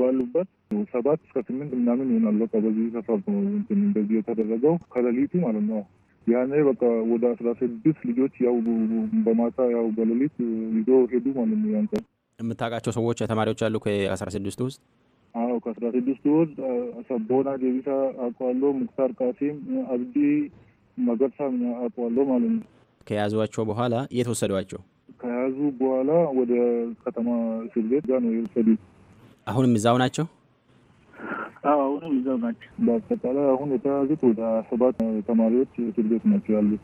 ባሉበት ሰባት እስከ ስምንት ምናምን ይሆናሉ። በዚህ ሰፈር ነው እንደዚህ የተደረገው ከሌሊቱ ማለት ነው። ያኔ በቃ ወደ አስራ ስድስት ልጆች ያው በማታ ያው በሌሊት ይዞ ሄዱ ማለት ነው። ያን የምታውቃቸው ሰዎች ተማሪዎች አሉ ከአስራ ስድስት ውስጥ አዎ ከአስራ ስድስት ውስጥ ሰቦና ጌቢሳ አቋሎ ሙክታር ቃሲም፣ አብዲ መገርሳ አቋሎ ማለት ነው። ከያዟቸው በኋላ የተወሰዷቸው ከያዙ በኋላ ወደ ከተማ እስር ቤት ጋር ነው የወሰዱ። አሁንም እዛው ናቸው። አሁንም እዛው ናቸው። በአጠቃላይ አሁን የተያዙት ወደ ሰባት ተማሪዎች እስር ቤት ናቸው ያሉት።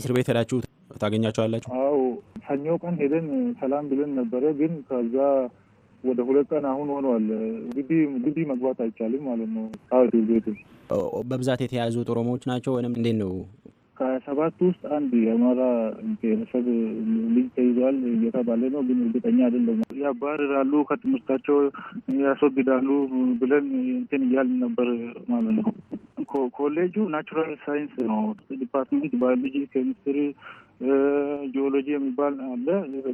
እስር ቤት ሄዳችሁ ታገኛቸዋላችሁ? አዎ ሰኞ ቀን ሄደን ሰላም ብለን ነበረ ግን ከዛ ወደ ሁለት ቀን አሁን ሆኗል። ግቢ ግቢ መግባት አይቻልም ማለት ነው። ቤት በብዛት የተያዙት ኦሮሞዎች ናቸው ወይም እንዴት ነው? ከሰባት ውስጥ አንድ የአማራ ብሔረሰብ ልጅ ተይዟል እየተባለ ነው፣ ግን እርግጠኛ አይደለም። ያባርራሉ፣ ከትምህርታቸው ያስወግዳሉ ብለን እንትን እያልን ነበር ማለት ነው። ኮሌጁ ናቹራል ሳይንስ ነው ዲፓርትመንት ባዮሎጂ፣ ኬሚስትሪ ጂኦሎጂ የሚባል አለ።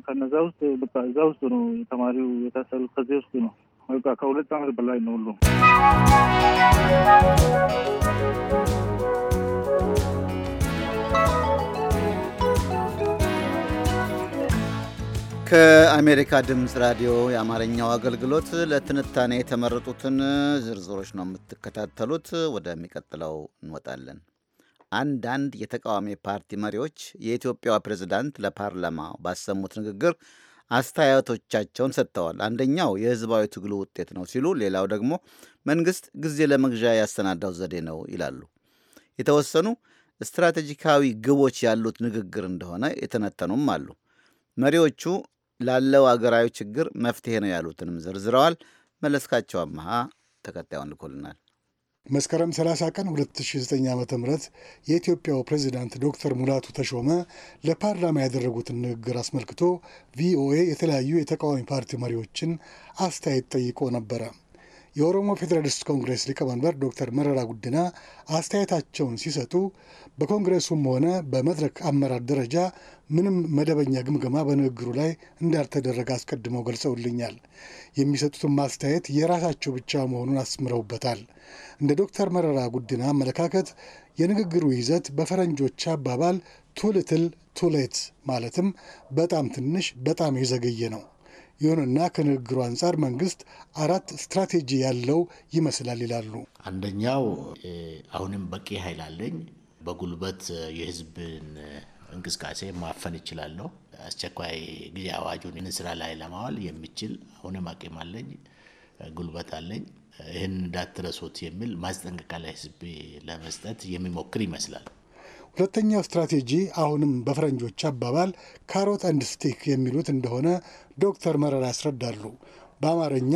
ከነዛ ውስጥ በቃ እዛ ውስጥ ነው ተማሪው የታሰሩት፣ ከዚህ ውስጥ ነው በቃ ከሁለት ዓመት በላይ ነው ሁሉም። ከአሜሪካ ድምፅ ራዲዮ የአማርኛው አገልግሎት ለትንታኔ የተመረጡትን ዝርዝሮች ነው የምትከታተሉት። ወደሚቀጥለው እንወጣለን። አንዳንድ የተቃዋሚ ፓርቲ መሪዎች የኢትዮጵያዋ ፕሬዝዳንት ለፓርላማ ባሰሙት ንግግር አስተያየቶቻቸውን ሰጥተዋል። አንደኛው የህዝባዊ ትግሉ ውጤት ነው ሲሉ፣ ሌላው ደግሞ መንግስት ጊዜ ለመግዣ ያሰናዳው ዘዴ ነው ይላሉ። የተወሰኑ ስትራቴጂካዊ ግቦች ያሉት ንግግር እንደሆነ የተነተኑም አሉ። መሪዎቹ ላለው አገራዊ ችግር መፍትሄ ነው ያሉትንም ዘርዝረዋል። መለስካቸው አመሃ ተከታዩን ልኮልናል። መስከረም 30 ቀን 2009 ዓ ም የኢትዮጵያው ፕሬዚዳንት ዶክተር ሙላቱ ተሾመ ለፓርላማ ያደረጉትን ንግግር አስመልክቶ ቪኦኤ የተለያዩ የተቃዋሚ ፓርቲ መሪዎችን አስተያየት ጠይቆ ነበረ። የኦሮሞ ፌዴራሊስት ኮንግሬስ ሊቀመንበር ዶክተር መረራ ጉዲና አስተያየታቸውን ሲሰጡ በኮንግረሱም ሆነ በመድረክ አመራር ደረጃ ምንም መደበኛ ግምገማ በንግግሩ ላይ እንዳልተደረገ አስቀድመው ገልጸውልኛል። የሚሰጡትን ማስተያየት የራሳቸው ብቻ መሆኑን አስምረውበታል። እንደ ዶክተር መረራ ጉዲና አመለካከት የንግግሩ ይዘት በፈረንጆች አባባል ቱልትል ቱሌት ማለትም በጣም ትንሽ በጣም የዘገየ ነው። ይሁንና ከንግግሩ አንጻር መንግስት አራት ስትራቴጂ ያለው ይመስላል ይላሉ። አንደኛው አሁንም በቂ ኃይል አለኝ በጉልበት የህዝብን እንቅስቃሴ ማፈን እችላለሁ። አስቸኳይ ጊዜ አዋጁን ስራ ላይ ለማዋል የሚችል አሁንም አቅም አለኝ፣ ጉልበት አለኝ። ይህን እንዳትረሱት የሚል ማስጠንቀቂያ ለህዝብ ለመስጠት የሚሞክር ይመስላል። ሁለተኛው ስትራቴጂ አሁንም በፈረንጆች አባባል ካሮት አንድ ስቲክ የሚሉት እንደሆነ ዶክተር መረራ ያስረዳሉ። በአማርኛ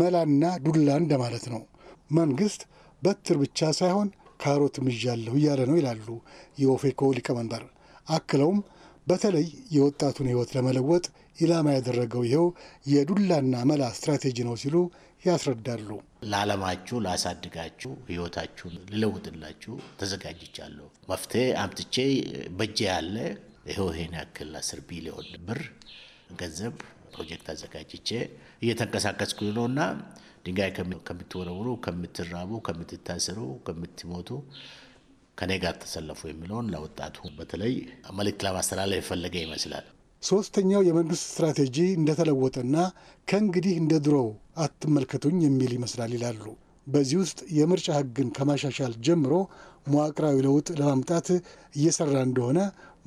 መላና ዱላ እንደማለት ነው። መንግስት በትር ብቻ ሳይሆን ካሮት ምዣለሁ እያለ ነው ይላሉ የኦፌኮ ሊቀመንበር። አክለውም በተለይ የወጣቱን ህይወት ለመለወጥ ኢላማ ያደረገው ይኸው የዱላና መላ ስትራቴጂ ነው ሲሉ ያስረዳሉ። ለዓለማችሁ ላሳድጋችሁ፣ ህይወታችሁን ልለውጥላችሁ ተዘጋጅቻለሁ። መፍትሄ አምጥቼ በጄ ያለ ይኸው ይሄን ያክል አስር ቢሊዮን ብር ገንዘብ ፕሮጀክት አዘጋጅቼ እየተንቀሳቀስኩ እና ድንጋይ ከምትወረውሩ፣ ከምትራቡ፣ ከምትታሰሩ፣ ከምትሞቱ ከኔ ጋር ተሰለፉ የሚለውን ለወጣቱ በተለይ መልእክት ለማስተላለፍ የፈለገ ይመስላል። ሶስተኛው የመንግስት ስትራቴጂ እንደተለወጠና ከእንግዲህ እንደ ድሮው አትመልከቱኝ የሚል ይመስላል ይላሉ። በዚህ ውስጥ የምርጫ ህግን ከማሻሻል ጀምሮ መዋቅራዊ ለውጥ ለማምጣት እየሰራ እንደሆነ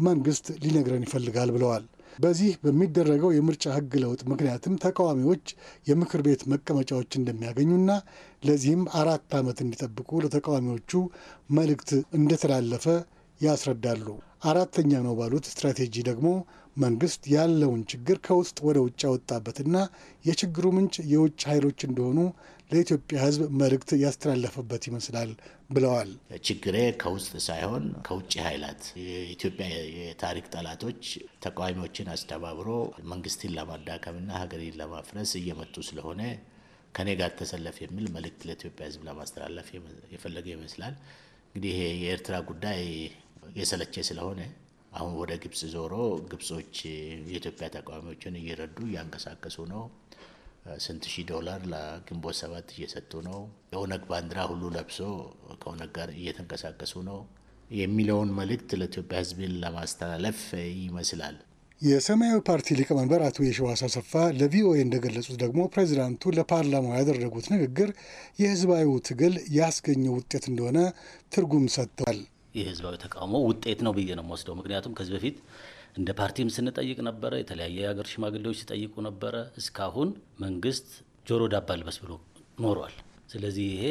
መንግስት ሊነግረን ይፈልጋል ብለዋል። በዚህ በሚደረገው የምርጫ ህግ ለውጥ ምክንያትም ተቃዋሚዎች የምክር ቤት መቀመጫዎች እንደሚያገኙና ለዚህም አራት ዓመት እንዲጠብቁ ለተቃዋሚዎቹ መልእክት እንደተላለፈ ያስረዳሉ። አራተኛ ነው ባሉት ስትራቴጂ ደግሞ መንግስት ያለውን ችግር ከውስጥ ወደ ውጭ ያወጣበትና የችግሩ ምንጭ የውጭ ኃይሎች እንደሆኑ ለኢትዮጵያ ሕዝብ መልእክት ያስተላለፈበት ይመስላል ብለዋል። ችግሬ ከውስጥ ሳይሆን ከውጭ ኃይላት የኢትዮጵያ የታሪክ ጠላቶች ተቃዋሚዎችን አስተባብሮ መንግስትን ለማዳከምና ሀገሬን ለማፍረስ እየመጡ ስለሆነ ከኔ ጋር ተሰለፍ የሚል መልእክት ለኢትዮጵያ ሕዝብ ለማስተላለፍ የፈለገ ይመስላል። እንግዲህ የኤርትራ ጉዳይ የሰለቸ ስለሆነ አሁን ወደ ግብጽ ዞሮ ግብጾች የኢትዮጵያ ተቃዋሚዎችን እየረዱ እያንቀሳቀሱ ነው። ስንት ሺህ ዶላር ለግንቦት ሰባት እየሰጡ ነው። የኦነግ ባንዲራ ሁሉ ለብሶ ከኦነግ ጋር እየተንቀሳቀሱ ነው የሚለውን መልእክት ለኢትዮጵያ ህዝብን ለማስተላለፍ ይመስላል። የሰማያዊ ፓርቲ ሊቀመንበር አቶ የሸዋስ አሰፋ ለቪኦኤ እንደገለጹት ደግሞ ፕሬዚዳንቱ ለፓርላማው ያደረጉት ንግግር የህዝባዊ ትግል ያስገኘው ውጤት እንደሆነ ትርጉም ሰጥተዋል። የህዝባዊ ተቃውሞ ውጤት ነው ብዬ ነው የምወስደው። ምክንያቱም ከዚህ በፊት እንደ ፓርቲም ስንጠይቅ ነበረ። የተለያየ የሀገር ሽማግሌዎች ሲጠይቁ ነበረ። እስካሁን መንግስት ጆሮ ዳባ ልበስ ብሎ ኖሯል። ስለዚህ ይሄ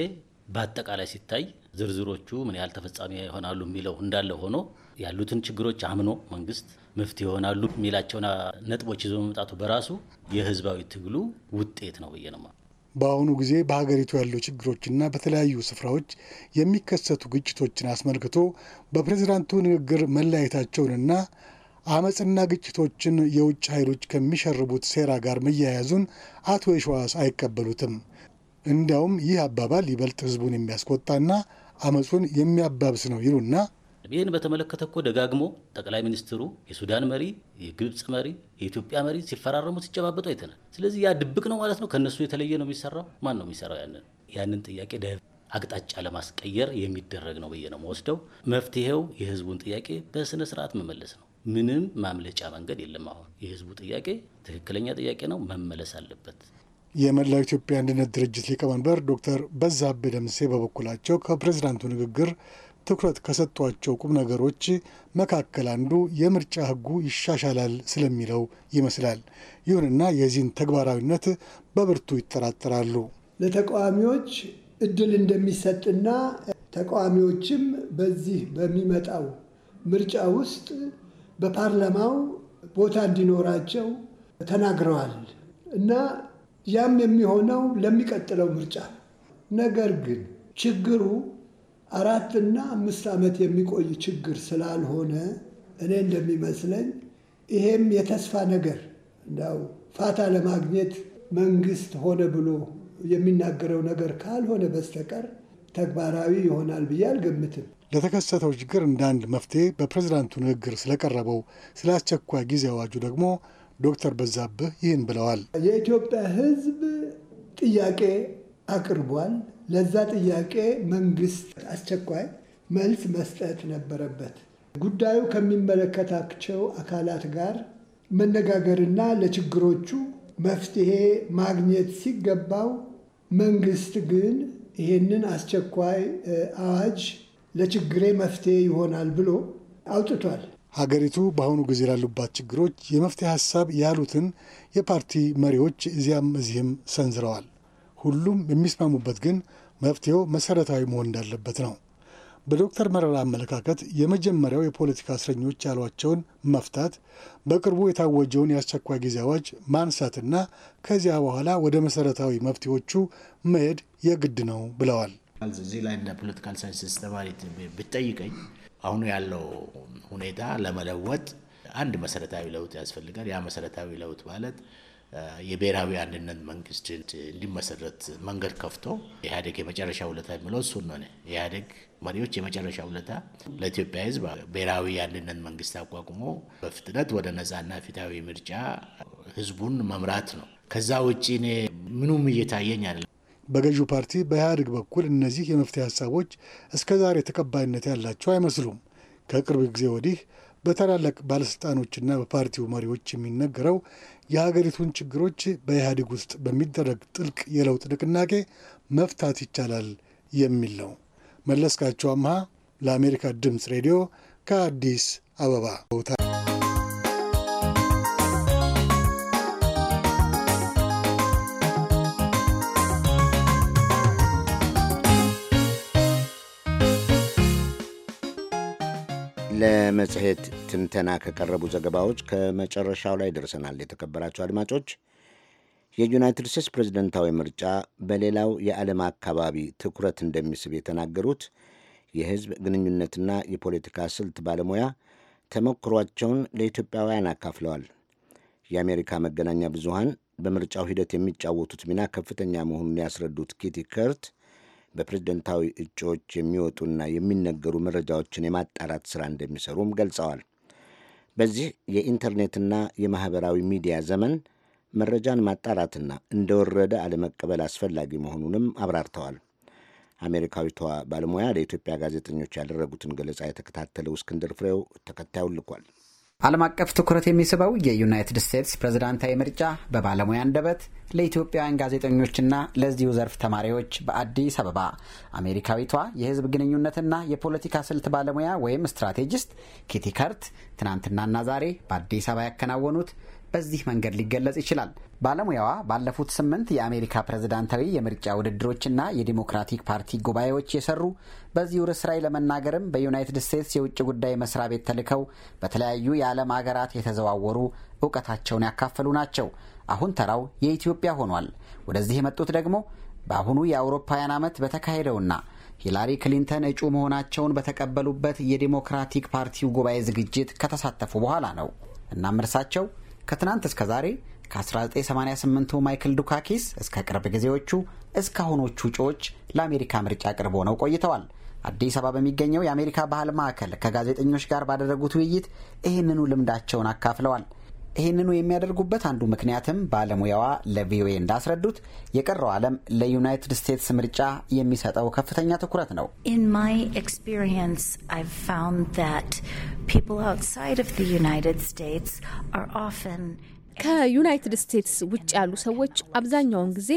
በአጠቃላይ ሲታይ ዝርዝሮቹ ምን ያህል ተፈጻሚ ይሆናሉ የሚለው እንዳለ ሆኖ ያሉትን ችግሮች አምኖ መንግስት መፍትሄ ይሆናሉ የሚላቸውን ነጥቦች ይዞ መምጣቱ በራሱ የህዝባዊ ትግሉ ውጤት ነው ብዬ ነው። በአሁኑ ጊዜ በሀገሪቱ ያሉ ችግሮችና በተለያዩ ስፍራዎች የሚከሰቱ ግጭቶችን አስመልክቶ በፕሬዝዳንቱ ንግግር መለያየታቸውንና አመፅና ግጭቶችን የውጭ ኃይሎች ከሚሸርቡት ሴራ ጋር መያያዙን አቶ የሸዋስ አይቀበሉትም። እንዲያውም ይህ አባባል ይበልጥ ህዝቡን የሚያስቆጣና አመፁን የሚያባብስ ነው ይሉና ይህን በተመለከተ እኮ ደጋግሞ ጠቅላይ ሚኒስትሩ፣ የሱዳን መሪ፣ የግብፅ መሪ፣ የኢትዮጵያ መሪ ሲፈራረሙ ሲጨባበጡ አይተናል። ስለዚህ ያ ድብቅ ነው ማለት ነው። ከእነሱ የተለየ ነው የሚሰራው። ማን ነው የሚሰራው? ያንን ያንን ጥያቄ አቅጣጫ ለማስቀየር የሚደረግ ነው ብዬ ነው መወስደው። መፍትሄው የህዝቡን ጥያቄ በስነ ስርዓት መመለስ ነው። ምንም ማምለጫ መንገድ የለም። አሁን የህዝቡ ጥያቄ ትክክለኛ ጥያቄ ነው፣ መመለስ አለበት። የመላው ኢትዮጵያ አንድነት ድርጅት ሊቀመንበር ዶክተር በዛብህ ደምሴ በበኩላቸው ከፕሬዝዳንቱ ንግግር ትኩረት ከሰጧቸው ቁም ነገሮች መካከል አንዱ የምርጫ ህጉ ይሻሻላል ስለሚለው ይመስላል። ይሁንና የዚህን ተግባራዊነት በብርቱ ይጠራጠራሉ። ለተቃዋሚዎች እድል እንደሚሰጥና ተቃዋሚዎችም በዚህ በሚመጣው ምርጫ ውስጥ በፓርላማው ቦታ እንዲኖራቸው ተናግረዋል እና ያም የሚሆነው ለሚቀጥለው ምርጫ ነገር ግን ችግሩ አራትና አምስት ዓመት የሚቆይ ችግር ስላልሆነ እኔ እንደሚመስለኝ ይሄም የተስፋ ነገር እንዳው ፋታ ለማግኘት መንግስት ሆነ ብሎ የሚናገረው ነገር ካልሆነ በስተቀር ተግባራዊ ይሆናል ብዬ አልገምትም። ለተከሰተው ችግር እንደ አንድ መፍትሄ በፕሬዝዳንቱ ንግግር ስለቀረበው ስለ አስቸኳይ ጊዜ አዋጁ ደግሞ ዶክተር በዛብህ ይህን ብለዋል። የኢትዮጵያ ሕዝብ ጥያቄ አቅርቧል። ለዛ ጥያቄ መንግስት አስቸኳይ መልስ መስጠት ነበረበት። ጉዳዩ ከሚመለከታቸው አካላት ጋር መነጋገርና ለችግሮቹ መፍትሄ ማግኘት ሲገባው መንግስት ግን ይህንን አስቸኳይ አዋጅ ለችግሬ መፍትሄ ይሆናል ብሎ አውጥቷል። ሀገሪቱ በአሁኑ ጊዜ ላሉባት ችግሮች የመፍትሄ ሀሳብ ያሉትን የፓርቲ መሪዎች እዚያም እዚህም ሰንዝረዋል። ሁሉም የሚስማሙበት ግን መፍትሄው መሰረታዊ መሆን እንዳለበት ነው። በዶክተር መረራ አመለካከት የመጀመሪያው የፖለቲካ እስረኞች ያሏቸውን መፍታት፣ በቅርቡ የታወጀውን የአስቸኳይ ጊዜ አዋጅ ማንሳትና ከዚያ በኋላ ወደ መሰረታዊ መፍትሄዎቹ መሄድ የግድ ነው ብለዋል። እዚህ ላይ እንደ ፖለቲካል ሳይንስ ተማሪ ብትጠይቀኝ አሁኑ ያለው ሁኔታ ለመለወጥ አንድ መሰረታዊ ለውጥ ያስፈልጋል። ያ መሰረታዊ ለውጥ ማለት የብሔራዊ አንድነት መንግስት እንዲመሰረት መንገድ ከፍቶ ኢህአዴግ የመጨረሻ ውለታ የሚለው እሱ ነው። ኢህአዴግ መሪዎች የመጨረሻ ውለታ ለኢትዮጵያ ሕዝብ ብሔራዊ አንድነት መንግስት አቋቁሞ በፍጥነት ወደ ነጻና ፊታዊ ምርጫ ሕዝቡን መምራት ነው። ከዛ ውጭ እኔ ምኑም እየታየኝ አለ በገዢው ፓርቲ በኢህአዴግ በኩል እነዚህ የመፍትሄ ሀሳቦች እስከ ዛሬ ተቀባይነት ያላቸው አይመስሉም። ከቅርብ ጊዜ ወዲህ በታላላቅ ባለሥልጣኖችና በፓርቲው መሪዎች የሚነገረው የሀገሪቱን ችግሮች በኢህአዴግ ውስጥ በሚደረግ ጥልቅ የለውጥ ንቅናቄ መፍታት ይቻላል የሚል ነው። መለስካቸው አምሃ ለአሜሪካ ድምፅ ሬዲዮ ከአዲስ አበባ በመጽሔት ትንተና ከቀረቡ ዘገባዎች ከመጨረሻው ላይ ደርሰናል። የተከበራቸው አድማጮች፣ የዩናይትድ ስቴትስ ፕሬዝደንታዊ ምርጫ በሌላው የዓለም አካባቢ ትኩረት እንደሚስብ የተናገሩት የሕዝብ ግንኙነትና የፖለቲካ ስልት ባለሙያ ተሞክሯቸውን ለኢትዮጵያውያን አካፍለዋል። የአሜሪካ መገናኛ ብዙሃን በምርጫው ሂደት የሚጫወቱት ሚና ከፍተኛ መሆኑን ያስረዱት ኬቲ ከርት በፕሬዝደንታዊ እጩዎች የሚወጡና የሚነገሩ መረጃዎችን የማጣራት ስራ እንደሚሰሩም ገልጸዋል። በዚህ የኢንተርኔትና የማኅበራዊ ሚዲያ ዘመን መረጃን ማጣራትና እንደወረደ አለመቀበል አስፈላጊ መሆኑንም አብራርተዋል። አሜሪካዊቷ ባለሙያ ለኢትዮጵያ ጋዜጠኞች ያደረጉትን ገለጻ የተከታተለው እስክንድር ፍሬው ተከታዩን ልኳል። ዓለም አቀፍ ትኩረት የሚስበው የዩናይትድ ስቴትስ ፕሬዝዳንታዊ ምርጫ በባለሙያ አንደበት ለኢትዮጵያውያን ጋዜጠኞችና ለዚሁ ዘርፍ ተማሪዎች በአዲስ አበባ አሜሪካዊቷ የሕዝብ ግንኙነትና የፖለቲካ ስልት ባለሙያ ወይም ስትራቴጂስት ኪቲ ከርት ትናንትናና ዛሬ በአዲስ አበባ ያከናወኑት በዚህ መንገድ ሊገለጽ ይችላል። ባለሙያዋ ባለፉት ስምንት የአሜሪካ ፕሬዝዳንታዊ የምርጫ ውድድሮችና የዲሞክራቲክ ፓርቲ ጉባኤዎች የሰሩ በዚህ ርዕስ ላይ ለመናገርም በዩናይትድ ስቴትስ የውጭ ጉዳይ መስሪያ ቤት ተልከው በተለያዩ የዓለም ሀገራት የተዘዋወሩ እውቀታቸውን ያካፈሉ ናቸው። አሁን ተራው የኢትዮጵያ ሆኗል። ወደዚህ የመጡት ደግሞ በአሁኑ የአውሮፓውያን ዓመት በተካሄደውና ሂላሪ ክሊንተን እጩ መሆናቸውን በተቀበሉበት የዲሞክራቲክ ፓርቲው ጉባኤ ዝግጅት ከተሳተፉ በኋላ ነው። እናም እርሳቸው ከትናንት እስከ ዛሬ ከ1988ቱ ማይክል ዱካኪስ እስከ ቅርብ ጊዜዎቹ እስካሁኖቹ እጩዎች ለአሜሪካ ምርጫ ቅርብ ሆነው ቆይተዋል። አዲስ አበባ በሚገኘው የአሜሪካ ባህል ማዕከል ከጋዜጠኞች ጋር ባደረጉት ውይይት ይህንኑ ልምዳቸውን አካፍለዋል። ይህንኑ የሚያደርጉበት አንዱ ምክንያትም ባለሙያዋ ለቪኦኤ እንዳስረዱት የቀረው ዓለም ለዩናይትድ ስቴትስ ምርጫ የሚሰጠው ከፍተኛ ትኩረት ነው። ከዩናይትድ ስቴትስ ውጭ ያሉ ሰዎች አብዛኛውን ጊዜ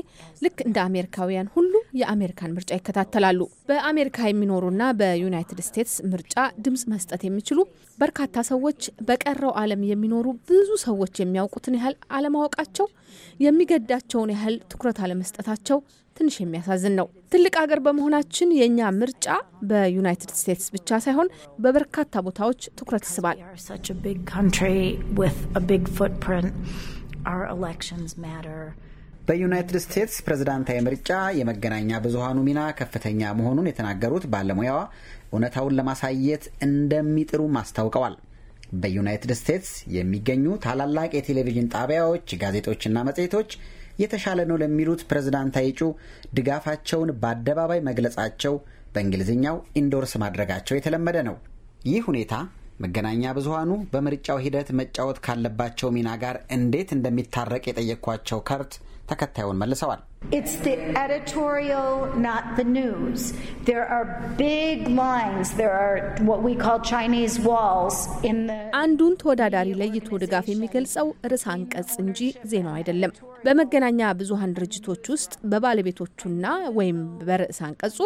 ልክ እንደ አሜሪካውያን ሁሉ የአሜሪካን ምርጫ ይከታተላሉ። በአሜሪካ የሚኖሩና በዩናይትድ ስቴትስ ምርጫ ድምፅ መስጠት የሚችሉ በርካታ ሰዎች በቀረው ዓለም የሚኖሩ ብዙ ሰዎች የሚያውቁትን ያህል አለማወቃቸው፣ የሚገዳቸውን ያህል ትኩረት አለመስጠታቸው ትንሽ የሚያሳዝን ነው። ትልቅ ሀገር በመሆናችን የእኛ ምርጫ በዩናይትድ ስቴትስ ብቻ ሳይሆን በበርካታ ቦታዎች ትኩረት ይስባል። በዩናይትድ ስቴትስ ፕሬዝዳንታዊ ምርጫ የመገናኛ ብዙሃኑ ሚና ከፍተኛ መሆኑን የተናገሩት ባለሙያዋ እውነታውን ለማሳየት እንደሚጥሩም አስታውቀዋል። በዩናይትድ ስቴትስ የሚገኙ ታላላቅ የቴሌቪዥን ጣቢያዎች፣ ጋዜጦችና መጽሔቶች የተሻለ ነው ለሚሉት ፕሬዝዳንታዊ እጩ ድጋፋቸውን በአደባባይ መግለጻቸው፣ በእንግሊዝኛው ኢንዶርስ ማድረጋቸው የተለመደ ነው። ይህ ሁኔታ መገናኛ ብዙሃኑ በምርጫው ሂደት መጫወት ካለባቸው ሚና ጋር እንዴት እንደሚታረቅ የጠየቅኳቸው ከርት ተከታዩን መልሰዋል። It's the editorial, not the news. There are big lines. There are what we call Chinese walls in the አንዱን ተወዳዳሪ ለይቶ ድጋፍ የሚገልጸው ርዕሰ አንቀጽ እንጂ ዜናው አይደለም። በመገናኛ ብዙሃን ድርጅቶች ውስጥ በባለቤቶቹና ወይም በርዕሰ አንቀጹ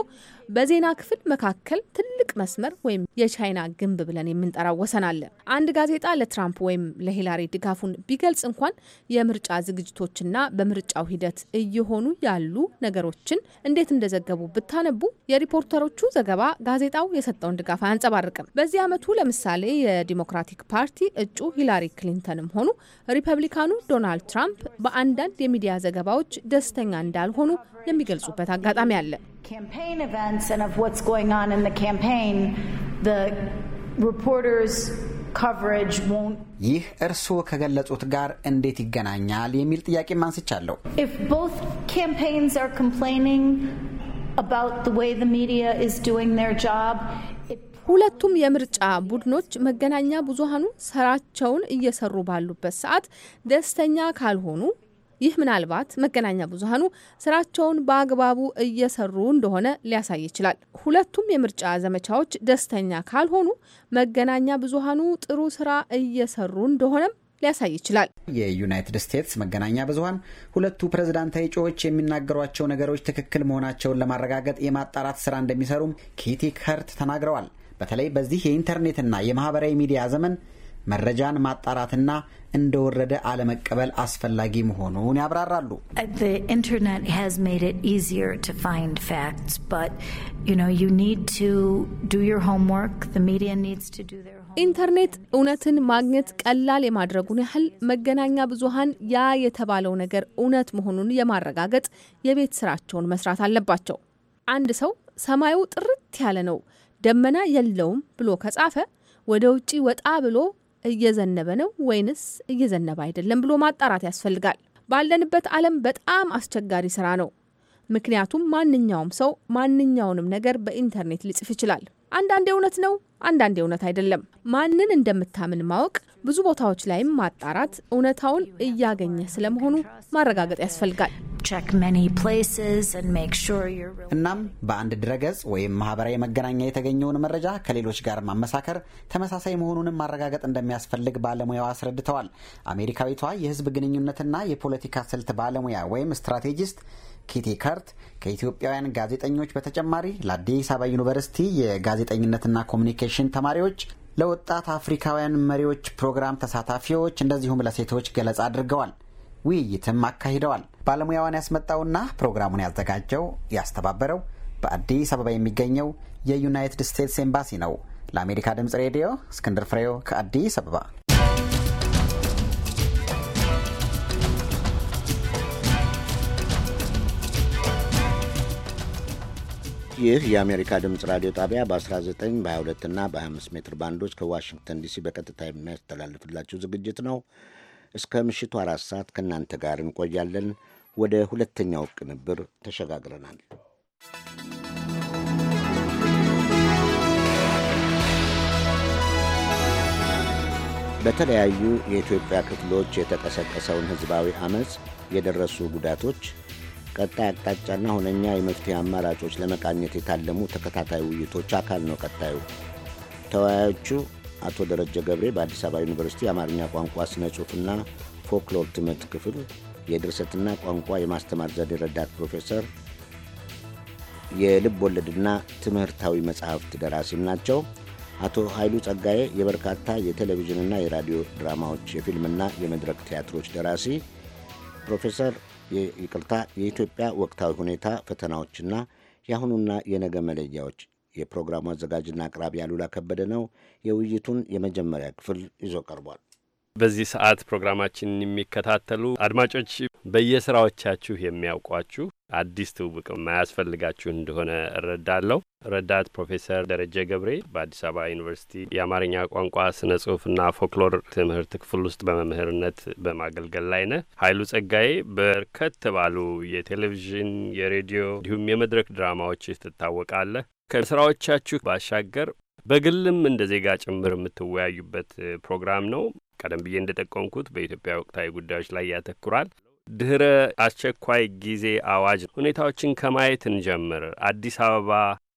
በዜና ክፍል መካከል ትልቅ መስመር ወይም የቻይና ግንብ ብለን የምንጠራው ወሰን አለ። አንድ ጋዜጣ ለትራምፕ ወይም ለሂላሪ ድጋፉን ቢገልጽ እንኳን የምርጫ ዝግጅቶችና በምርጫው ሂደት እየሆኑ እየሆኑ ያሉ ነገሮችን እንዴት እንደዘገቡ ብታነቡ የሪፖርተሮቹ ዘገባ ጋዜጣው የሰጠውን ድጋፍ አያንጸባርቅም። በዚህ ዓመቱ ለምሳሌ የዲሞክራቲክ ፓርቲ እጩ ሂላሪ ክሊንተንም ሆኑ ሪፐብሊካኑ ዶናልድ ትራምፕ በአንዳንድ የሚዲያ ዘገባዎች ደስተኛ እንዳልሆኑ የሚገልጹበት አጋጣሚ አለ። ሪፖርተርስ ይህ እርስዎ ከገለጹት ጋር እንዴት ይገናኛል የሚል ጥያቄ ማንስቻለሁ። ሁለቱም የምርጫ ቡድኖች መገናኛ ብዙሃኑ ስራቸውን እየሰሩ ባሉበት ሰዓት ደስተኛ ካልሆኑ ይህ ምናልባት መገናኛ ብዙሀኑ ስራቸውን በአግባቡ እየሰሩ እንደሆነ ሊያሳይ ይችላል። ሁለቱም የምርጫ ዘመቻዎች ደስተኛ ካልሆኑ መገናኛ ብዙሀኑ ጥሩ ስራ እየሰሩ እንደሆነም ሊያሳይ ይችላል። የዩናይትድ ስቴትስ መገናኛ ብዙሀን ሁለቱ ፕሬዝዳንታዊ እጩዎች የሚናገሯቸው ነገሮች ትክክል መሆናቸውን ለማረጋገጥ የማጣራት ስራ እንደሚሰሩም ኬቲ ከርት ተናግረዋል። በተለይ በዚህ የኢንተርኔትና የማህበራዊ ሚዲያ ዘመን መረጃን ማጣራትና እንደወረደ አለመቀበል አስፈላጊ መሆኑን ያብራራሉ። ኢንተርኔት እውነትን ማግኘት ቀላል የማድረጉን ያህል መገናኛ ብዙሃን ያ የተባለው ነገር እውነት መሆኑን የማረጋገጥ የቤት ስራቸውን መስራት አለባቸው። አንድ ሰው ሰማዩ ጥርት ያለ ነው፣ ደመና የለውም ብሎ ከጻፈ ወደ ውጪ ወጣ ብሎ እየዘነበ ነው ወይንስ እየዘነበ አይደለም ብሎ ማጣራት ያስፈልጋል። ባለንበት ዓለም በጣም አስቸጋሪ ስራ ነው። ምክንያቱም ማንኛውም ሰው ማንኛውንም ነገር በኢንተርኔት ሊጽፍ ይችላል። አንዳንዴ እውነት ነው፣ አንዳንዴ እውነት አይደለም። ማንን እንደምታምን ማወቅ ብዙ ቦታዎች ላይም ማጣራት እውነታውን እያገኘ ስለመሆኑ ማረጋገጥ ያስፈልጋል። እናም በአንድ ድረገጽ ወይም ማህበራዊ መገናኛ የተገኘውን መረጃ ከሌሎች ጋር ማመሳከር ተመሳሳይ መሆኑንም ማረጋገጥ እንደሚያስፈልግ ባለሙያው አስረድተዋል። አሜሪካዊቷ የህዝብ ግንኙነትና የፖለቲካ ስልት ባለሙያ ወይም ስትራቴጂስት ኪቲ ከርት ከኢትዮጵያውያን ጋዜጠኞች በተጨማሪ ለአዲስ አበባ ዩኒቨርሲቲ የጋዜጠኝነትና ኮሚኒኬሽን ተማሪዎች ለወጣት አፍሪካውያን መሪዎች ፕሮግራም ተሳታፊዎች እንደዚሁም ለሴቶች ገለጻ አድርገዋል። ውይይትም አካሂደዋል። ባለሙያዋን ያስመጣውና ፕሮግራሙን ያዘጋጀው ያስተባበረው በአዲስ አበባ የሚገኘው የዩናይትድ ስቴትስ ኤምባሲ ነው። ለአሜሪካ ድምፅ ሬዲዮ እስክንድር ፍሬው ከአዲስ አበባ ይህ የአሜሪካ ድምፅ ራዲዮ ጣቢያ በ19 በ22 እና በ25 ሜትር ባንዶች ከዋሽንግተን ዲሲ በቀጥታ የሚያስተላልፍላችሁ ዝግጅት ነው። እስከ ምሽቱ አራት ሰዓት ከእናንተ ጋር እንቆያለን። ወደ ሁለተኛው ቅንብር ተሸጋግረናል። በተለያዩ የኢትዮጵያ ክፍሎች የተቀሰቀሰውን ሕዝባዊ አመፅ የደረሱ ጉዳቶች ቀጣይ አቅጣጫና ሁነኛ የመፍትሄ አማራጮች ለመቃኘት የታለሙ ተከታታይ ውይይቶች አካል ነው። ቀጣዩ ተወያዮቹ አቶ ደረጀ ገብሬ በአዲስ አበባ ዩኒቨርሲቲ የአማርኛ ቋንቋ ስነ ጽሑፍና ፎክሎር ትምህርት ክፍል የድርሰትና ቋንቋ የማስተማር ዘዴ ረዳት ፕሮፌሰር፣ የልብ ወለድና ትምህርታዊ መጽሐፍት ደራሲም ናቸው። አቶ ኃይሉ ጸጋዬ የበርካታ የቴሌቪዥንና የራዲዮ ድራማዎች የፊልምና የመድረክ ቲያትሮች ደራሲ ፕሮፌሰር ይቅርታ የኢትዮጵያ ወቅታዊ ሁኔታ ፈተናዎችና የአሁኑና የነገ መለያዎች የፕሮግራሙ አዘጋጅና አቅራቢ አሉላ ከበደ ነው። የውይይቱን የመጀመሪያ ክፍል ይዞ ቀርቧል። በዚህ ሰዓት ፕሮግራማችን የሚከታተሉ አድማጮች በየስራዎቻችሁ የሚያውቋችሁ አዲስ ትውውቅ ማያስፈልጋችሁ እንደሆነ እረዳለሁ። ረዳት ፕሮፌሰር ደረጀ ገብሬ በአዲስ አበባ ዩኒቨርሲቲ የአማርኛ ቋንቋ ስነ ጽሁፍና ፎክሎር ትምህርት ክፍል ውስጥ በመምህርነት በማገልገል ላይ ነህ። ኃይሉ ጸጋዬ በርከት ባሉ የቴሌቪዥን የሬዲዮ እንዲሁም የመድረክ ድራማዎች ትታወቃለህ። ከስራዎቻችሁ ባሻገር በግልም እንደ ዜጋ ጭምር የምትወያዩበት ፕሮግራም ነው። ቀደም ብዬ እንደጠቆምኩት በኢትዮጵያ ወቅታዊ ጉዳዮች ላይ ያተኩራል። ድህረ አስቸኳይ ጊዜ አዋጅ ሁኔታዎችን ከማየት እንጀምር። አዲስ አበባ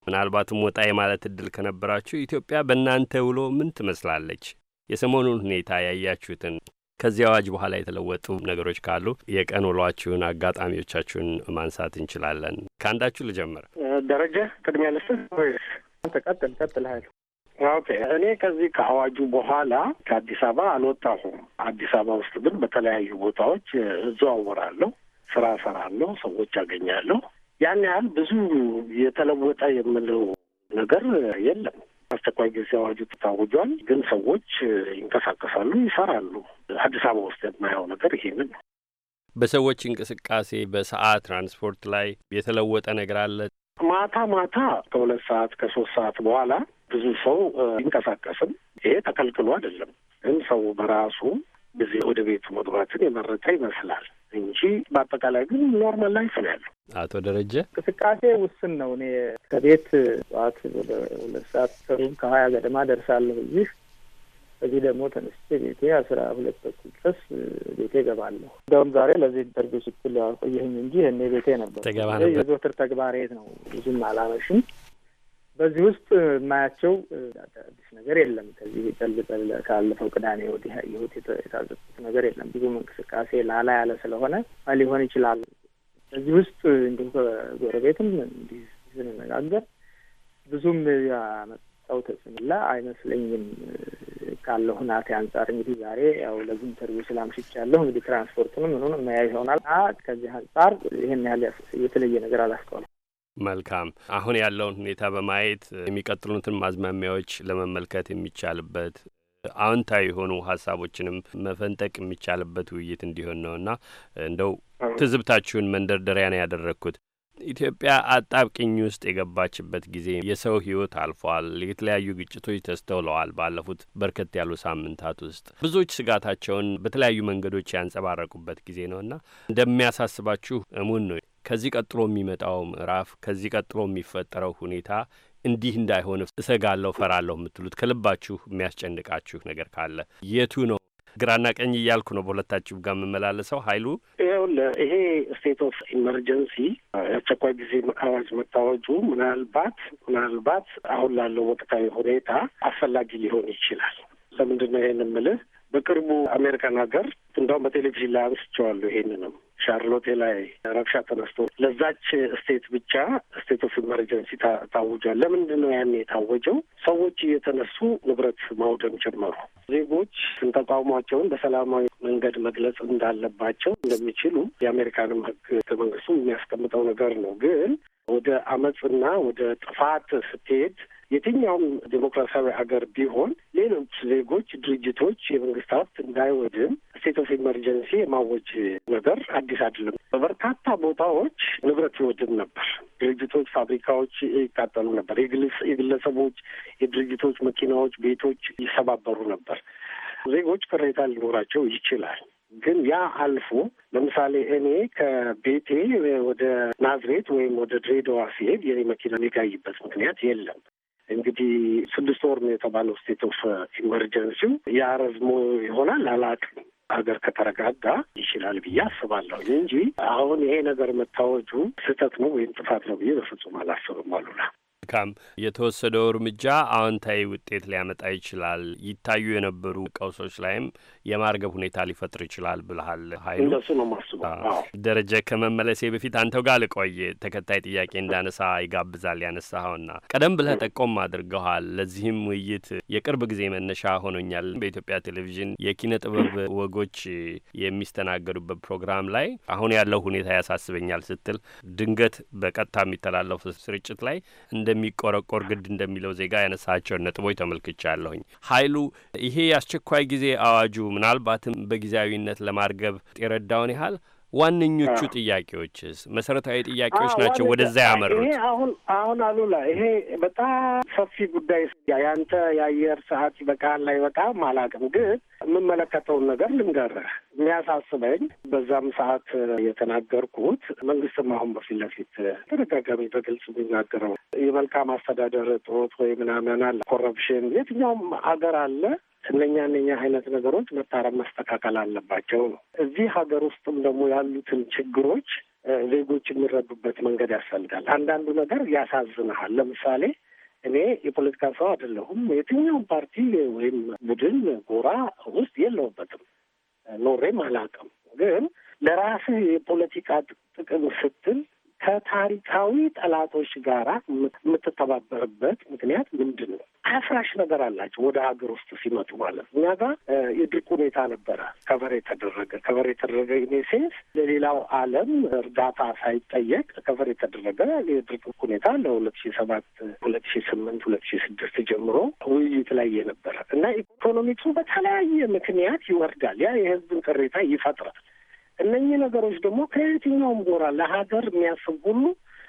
ምናልባትም ወጣ የማለት እድል ከነበራችሁ ኢትዮጵያ በእናንተ ውሎ ምን ትመስላለች? የሰሞኑን ሁኔታ ያያችሁትን፣ ከዚህ አዋጅ በኋላ የተለወጡ ነገሮች ካሉ የቀን ውሏችሁን፣ አጋጣሚዎቻችሁን ማንሳት እንችላለን። ከአንዳችሁ ልጀምር። ደረጀ ቅድሚያ ልስጥ ወይስ ቀጥል? ቀጥል ሀይል ኦኬ እኔ ከዚህ ከአዋጁ በኋላ ከአዲስ አበባ አልወጣሁም። አዲስ አበባ ውስጥ ግን በተለያዩ ቦታዎች እዘዋወራለሁ፣ ስራ ሰራለሁ ሰዎች አገኛለሁ። ያን ያህል ብዙ የተለወጠ የምለው ነገር የለም። አስቸኳይ ጊዜ አዋጁ ታውጇል፣ ግን ሰዎች ይንቀሳቀሳሉ፣ ይሰራሉ። አዲስ አበባ ውስጥ የማየው ነገር ይሄንን ነው። በሰዎች እንቅስቃሴ፣ በሰዓት ትራንስፖርት ላይ የተለወጠ ነገር አለ። ማታ ማታ ከሁለት ሰዓት ከሶስት ሰዓት በኋላ ብዙ ሰው ይንቀሳቀስም። ይሄ ተከልክሎ አይደለም፣ ግን ሰው በራሱ ጊዜ ወደ ቤቱ መግባትን የመረጠ ይመስላል እንጂ በአጠቃላይ ግን ኖርማል ላይፍ ነው ያለው። አቶ ደረጀ እንቅስቃሴ ውስን ነው። እኔ ከቤት ጠዋት ወደ ሁለት ሰዓት ሰሩም ከሀያ ገደማ ደርሳለሁ ይህ እዚህ ደግሞ ተነስቼ ቤቴ አስራ ሁለት በኩል ድረስ ቤቴ ገባለሁ። እንደውም ዛሬ ለዚህ ኢንተርቪው ስትል አቆየኸኝ እንጂ እኔ ቤቴ ነበር። የዘወትር ተግባሬ ነው። ብዙም አላመሽም። በዚህ ውስጥ የማያቸው አዲስ ነገር የለም። ከዚህ ጨልጠል ካለፈው ቅዳሜ ወዲህ ይሁት የታዘብኩት ነገር የለም። ብዙም እንቅስቃሴ ላላ ያለ ስለሆነ ሊሆን ይችላል። በዚህ ውስጥ እንዲሁም ከጎረቤትም እንዲህ ስንነጋገር ብዙም ያመጣው ተጽምላ አይመስለኝም ካለ ሁናቴ አንጻር እንግዲህ ዛሬ ያው ለዚህ ኢንተርቪው ስላምሽቻለሁ እንግዲህ ትራንስፖርቱንም ምኑን መያዝ ይሆናል። ከዚህ አንጻር ይህን ያህል የተለየ ነገር አላስተዋል። መልካም። አሁን ያለውን ሁኔታ በማየት የሚቀጥሉትን ማዝማሚያዎች ለመመልከት የሚቻልበት አዎንታዊ የሆኑ ሀሳቦችንም መፈንጠቅ የሚቻልበት ውይይት እንዲሆን ነውና እንደው ትዝብታችሁን መንደርደሪያ ነው ያደረግኩት። ኢትዮጵያ አጣብቅኝ ውስጥ የገባችበት ጊዜ የሰው ሕይወት አልፏል። የተለያዩ ግጭቶች ተስተውለዋል። ባለፉት በርከት ያሉ ሳምንታት ውስጥ ብዙዎች ስጋታቸውን በተለያዩ መንገዶች ያንጸባረቁበት ጊዜ ነውና እንደሚያሳስባችሁ እሙን ነው። ከዚህ ቀጥሎ የሚመጣው ምዕራፍ፣ ከዚህ ቀጥሎ የሚፈጠረው ሁኔታ እንዲህ እንዳይሆን እሰጋለሁ፣ ፈራለሁ የምትሉት ከልባችሁ የሚያስጨንቃችሁ ነገር ካለ የቱ ነው? ግራና ቀኝ እያልኩ ነው በሁለታችሁ ጋር የምመላለሰው። ኃይሉ ይሄ ስቴት ኦፍ ኢመርጀንሲ የአስቸኳይ ጊዜ አዋጅ መታወጁ ምናልባት ምናልባት አሁን ላለው ወቅታዊ ሁኔታ አስፈላጊ ሊሆን ይችላል። ለምንድን ነው ይሄን የምልህ? በቅርቡ አሜሪካን ሀገር እንደውም በቴሌቪዥን ላይ አንስቼዋለሁ ይሄንንም ሻርሎቴ ላይ ረብሻ ተነስቶ ለዛች ስቴት ብቻ ስቴት ኦፍ ኢመርጀንሲ ታውጇል። ለምንድን ነው ያን የታወጀው? ሰዎች እየተነሱ ንብረት ማውደም ጀመሩ። ዜጎች ተቃውሟቸውን በሰላማዊ መንገድ መግለጽ እንዳለባቸው እንደሚችሉ የአሜሪካንም ህግ ሕገ መንግስቱ የሚያስቀምጠው ነገር ነው። ግን ወደ አመፅና ወደ ጥፋት ስትሄድ የትኛውም ዴሞክራሲያዊ ሀገር ቢሆን ሌሎች ዜጎች፣ ድርጅቶች፣ የመንግስት ሀብት እንዳይወድም ስቴት ኦፍ ኢመርጀንሲ የማወጅ ነገር አዲስ አይደለም። በበርካታ ቦታዎች ንብረት ይወድም ነበር። ድርጅቶች፣ ፋብሪካዎች ይቃጠሉ ነበር። የግለሰቦች፣ የድርጅቶች መኪናዎች፣ ቤቶች ይሰባበሩ ነበር። ዜጎች ቅሬታ ሊኖራቸው ይችላል። ግን ያ አልፎ ለምሳሌ እኔ ከቤቴ ወደ ናዝሬት ወይም ወደ ድሬዳዋ ሲሄድ የኔ መኪና የሚጋይበት ምክንያት የለም። እንግዲህ ስድስት ወር ነው የተባለው ስቴት ኦፍ ኢመርጀንሲው ያረዝሞ ይሆናል አላውቅም። ሀገር ከተረጋጋ ይችላል ብዬ አስባለሁ እንጂ አሁን ይሄ ነገር መታወጁ ስህተት ነው ወይም ጥፋት ነው ብዬ በፍጹም አላስብም። አሉላ መልካም። የተወሰደው እርምጃ አዎንታዊ ውጤት ሊያመጣ ይችላል፣ ይታዩ የነበሩ ቀውሶች ላይም የማርገብ ሁኔታ ሊፈጥር ይችላል ብልሃል ሀይሉ። ነው ደረጀ፣ ከመመለሴ በፊት አንተው ጋር ልቆይ። ተከታይ ጥያቄ እንዳነሳ ይጋብዛል ያነሳኸውና ቀደም ብለህ ጠቆም አድርገዋል። ለዚህም ውይይት የቅርብ ጊዜ መነሻ ሆኖኛል። በኢትዮጵያ ቴሌቪዥን የኪነ ጥበብ ወጎች የሚስተናገዱበት ፕሮግራም ላይ አሁን ያለው ሁኔታ ያሳስበኛል ስትል ድንገት በቀጥታ የሚተላለፉ ስርጭት ላይ እንደ እንደሚቆረቆር ግድ እንደሚለው ዜጋ ያነሳቸውን ነጥቦች ተመልክቻለሁኝ። ኃይሉ ይሄ የአስቸኳይ ጊዜ አዋጁ ምናልባትም በጊዜያዊነት ለማርገብ የረዳውን ያህል ዋነኞቹ ጥያቄዎችስ መሰረታዊ ጥያቄዎች ናቸው ወደዛ ያመሩት? ይሄ አሁን አሁን አሉላ ይሄ በጣም ሰፊ ጉዳይ ያንተ የአየር ሰዓት ይበቃል ላይ አይበቃም አላውቅም፣ ግን የምመለከተውን ነገር ልንገርህ። የሚያሳስበኝ በዛም ሰዓት የተናገርኩት መንግስትም አሁን በፊት ለፊት ተደጋጋሚ በግልጽ የሚናገረው የመልካም አስተዳደር እጦት ወይ ምናምን አለ ኮረፕሽን፣ የትኛውም ሀገር አለ እነኛ እነኛ አይነት ነገሮች መታረም መስተካከል አለባቸው ነው። እዚህ ሀገር ውስጥም ደግሞ ያሉትን ችግሮች ዜጎች የሚረዱበት መንገድ ያስፈልጋል። አንዳንዱ ነገር ያሳዝንሃል። ለምሳሌ እኔ የፖለቲካ ሰው አይደለሁም። የትኛውም ፓርቲ ወይም ቡድን ጎራ ውስጥ የለውበትም፣ ኖሬም አላውቅም። ግን ለራስህ የፖለቲካ ጥቅም ስትል ከታሪካዊ ጠላቶች ጋር የምትተባበርበት ምክንያት ምንድን ነው? አፍራሽ ነገር አላቸው። ወደ ሀገር ውስጥ ሲመጡ ማለት እኛ ጋር የድርቅ ሁኔታ ነበረ። ከበሬ የተደረገ ከበሬ የተደረገ ኢኔሴንስ ለሌላው ዓለም እርዳታ ሳይጠየቅ ከበሬ የተደረገ የድርቅ ሁኔታ ለሁለት ሺ ሰባት ሁለት ሺ ስምንት ሁለት ሺ ስድስት ጀምሮ ውይይት ላይ የነበረ እና ኢኮኖሚክሱ በተለያየ ምክንያት ይወርዳል። ያ የህዝብን ቅሬታ ይፈጥራል። እነኚህ ነገሮች ደግሞ ከየትኛውም ጎራ ለሀገር የሚያስብ ሁሉ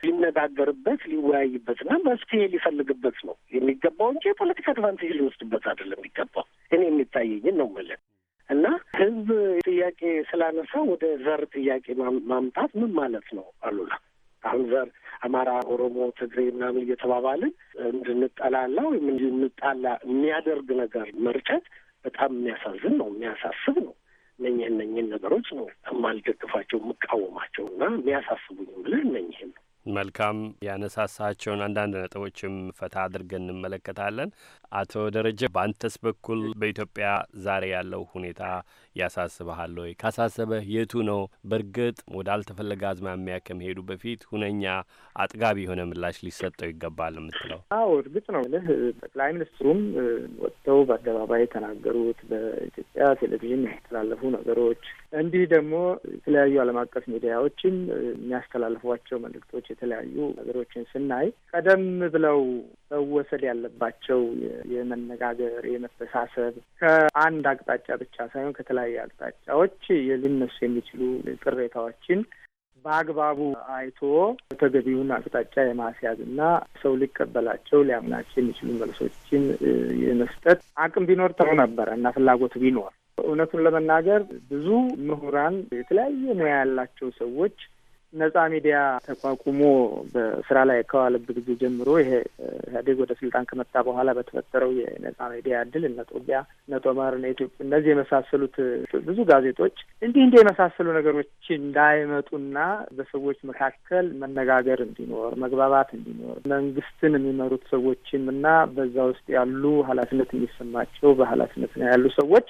ሊነጋገርበት ሊወያይበትና መፍትሄ ሊፈልግበት ነው የሚገባው እንጂ የፖለቲካ አድቫንቴጅ ሊወስድበት አይደለም የሚገባው። እኔ የሚታየኝን ነው የምልህ እና ህዝብ ጥያቄ ስላነሳ ወደ ዘር ጥያቄ ማምጣት ምን ማለት ነው አሉላ? አሁን ዘር አማራ፣ ኦሮሞ፣ ትግሬ ምናምን እየተባባልን እንድንጠላላ ወይም እንድንጣላ የሚያደርግ ነገር መርጨት በጣም የሚያሳዝን ነው፣ የሚያሳስብ ነው። እነኝህ እነኝህን ነገሮች ነው የማልደግፋቸው የምቃወማቸው እና የሚያሳስቡኝ ብልህ እነኝህን መልካም ያነሳሳቸውን አንዳንድ ነጥቦችም ፈታ አድርገን እንመለከታለን። አቶ ደረጀ በአንተስ በኩል በኢትዮጵያ ዛሬ ያለው ሁኔታ ያሳስበሃል ወይ? ካሳሰበህ የቱ ነው? በእርግጥ ወዳልተፈለገ አዝማሚያ ከመሄዱ በፊት ሁነኛ አጥጋቢ የሆነ ምላሽ ሊሰጠው ይገባል የምትለው? አዎ እርግጥ ነው ልህ ጠቅላይ ሚኒስትሩም ወጥተው በአደባባይ የተናገሩት በኢትዮጵያ ቴሌቪዥን የሚተላለፉ ነገሮች፣ እንዲህ ደግሞ የተለያዩ ዓለም አቀፍ ሚዲያዎችም የሚያስተላልፏቸው መልእክቶች የተለያዩ ነገሮችን ስናይ ቀደም ብለው መወሰድ ያለባቸው የመነጋገር የመተሳሰብ ከአንድ አቅጣጫ ብቻ ሳይሆን ከተለያዩ አቅጣጫዎች ሊነሱ የሚችሉ ቅሬታዎችን በአግባቡ አይቶ ተገቢውን አቅጣጫ የማስያዝ እና ሰው ሊቀበላቸው ሊያምናቸው የሚችሉ መልሶችን የመስጠት አቅም ቢኖር ጥሩ ነበረ እና ፍላጎት ቢኖር እውነቱን ለመናገር ብዙ ምሁራን የተለያየ ሙያ ያላቸው ሰዎች ነጻ ሚዲያ ተቋቁሞ በስራ ላይ ከዋለበት ጊዜ ጀምሮ ይሄ ኢህአዴግ ወደ ስልጣን ከመጣ በኋላ በተፈጠረው የነጻ ሚዲያ እድል እነ ጦቢያ፣ እነ ጦማር፣ እነ ኢትዮጵያ እነዚህ የመሳሰሉት ብዙ ጋዜጦች እንዲህ እንዲህ የመሳሰሉ ነገሮች እንዳይመጡና በሰዎች መካከል መነጋገር እንዲኖር መግባባት እንዲኖር መንግስትን የሚመሩት ሰዎችም እና በዛ ውስጥ ያሉ ኃላፊነት የሚሰማቸው በኃላፊነት ነው ያሉ ሰዎች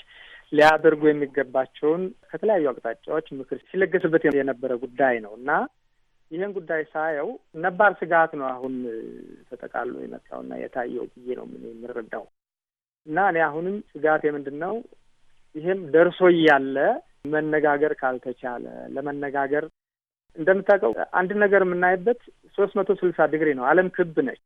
ሊያደርጉ የሚገባቸውን ከተለያዩ አቅጣጫዎች ምክር ሲለገስበት የነበረ ጉዳይ ነው እና ይህን ጉዳይ ሳየው ነባር ስጋት ነው አሁን ተጠቃሎ የመጣውና የታየው ብዬ ነው ምን የምረዳው እና እኔ አሁንም ስጋት የምንድን ነው ይህም ደርሶ እያለ መነጋገር ካልተቻለ ለመነጋገር እንደምታውቀው አንድ ነገር የምናይበት ሶስት መቶ ስልሳ ዲግሪ ነው። አለም ክብ ነች።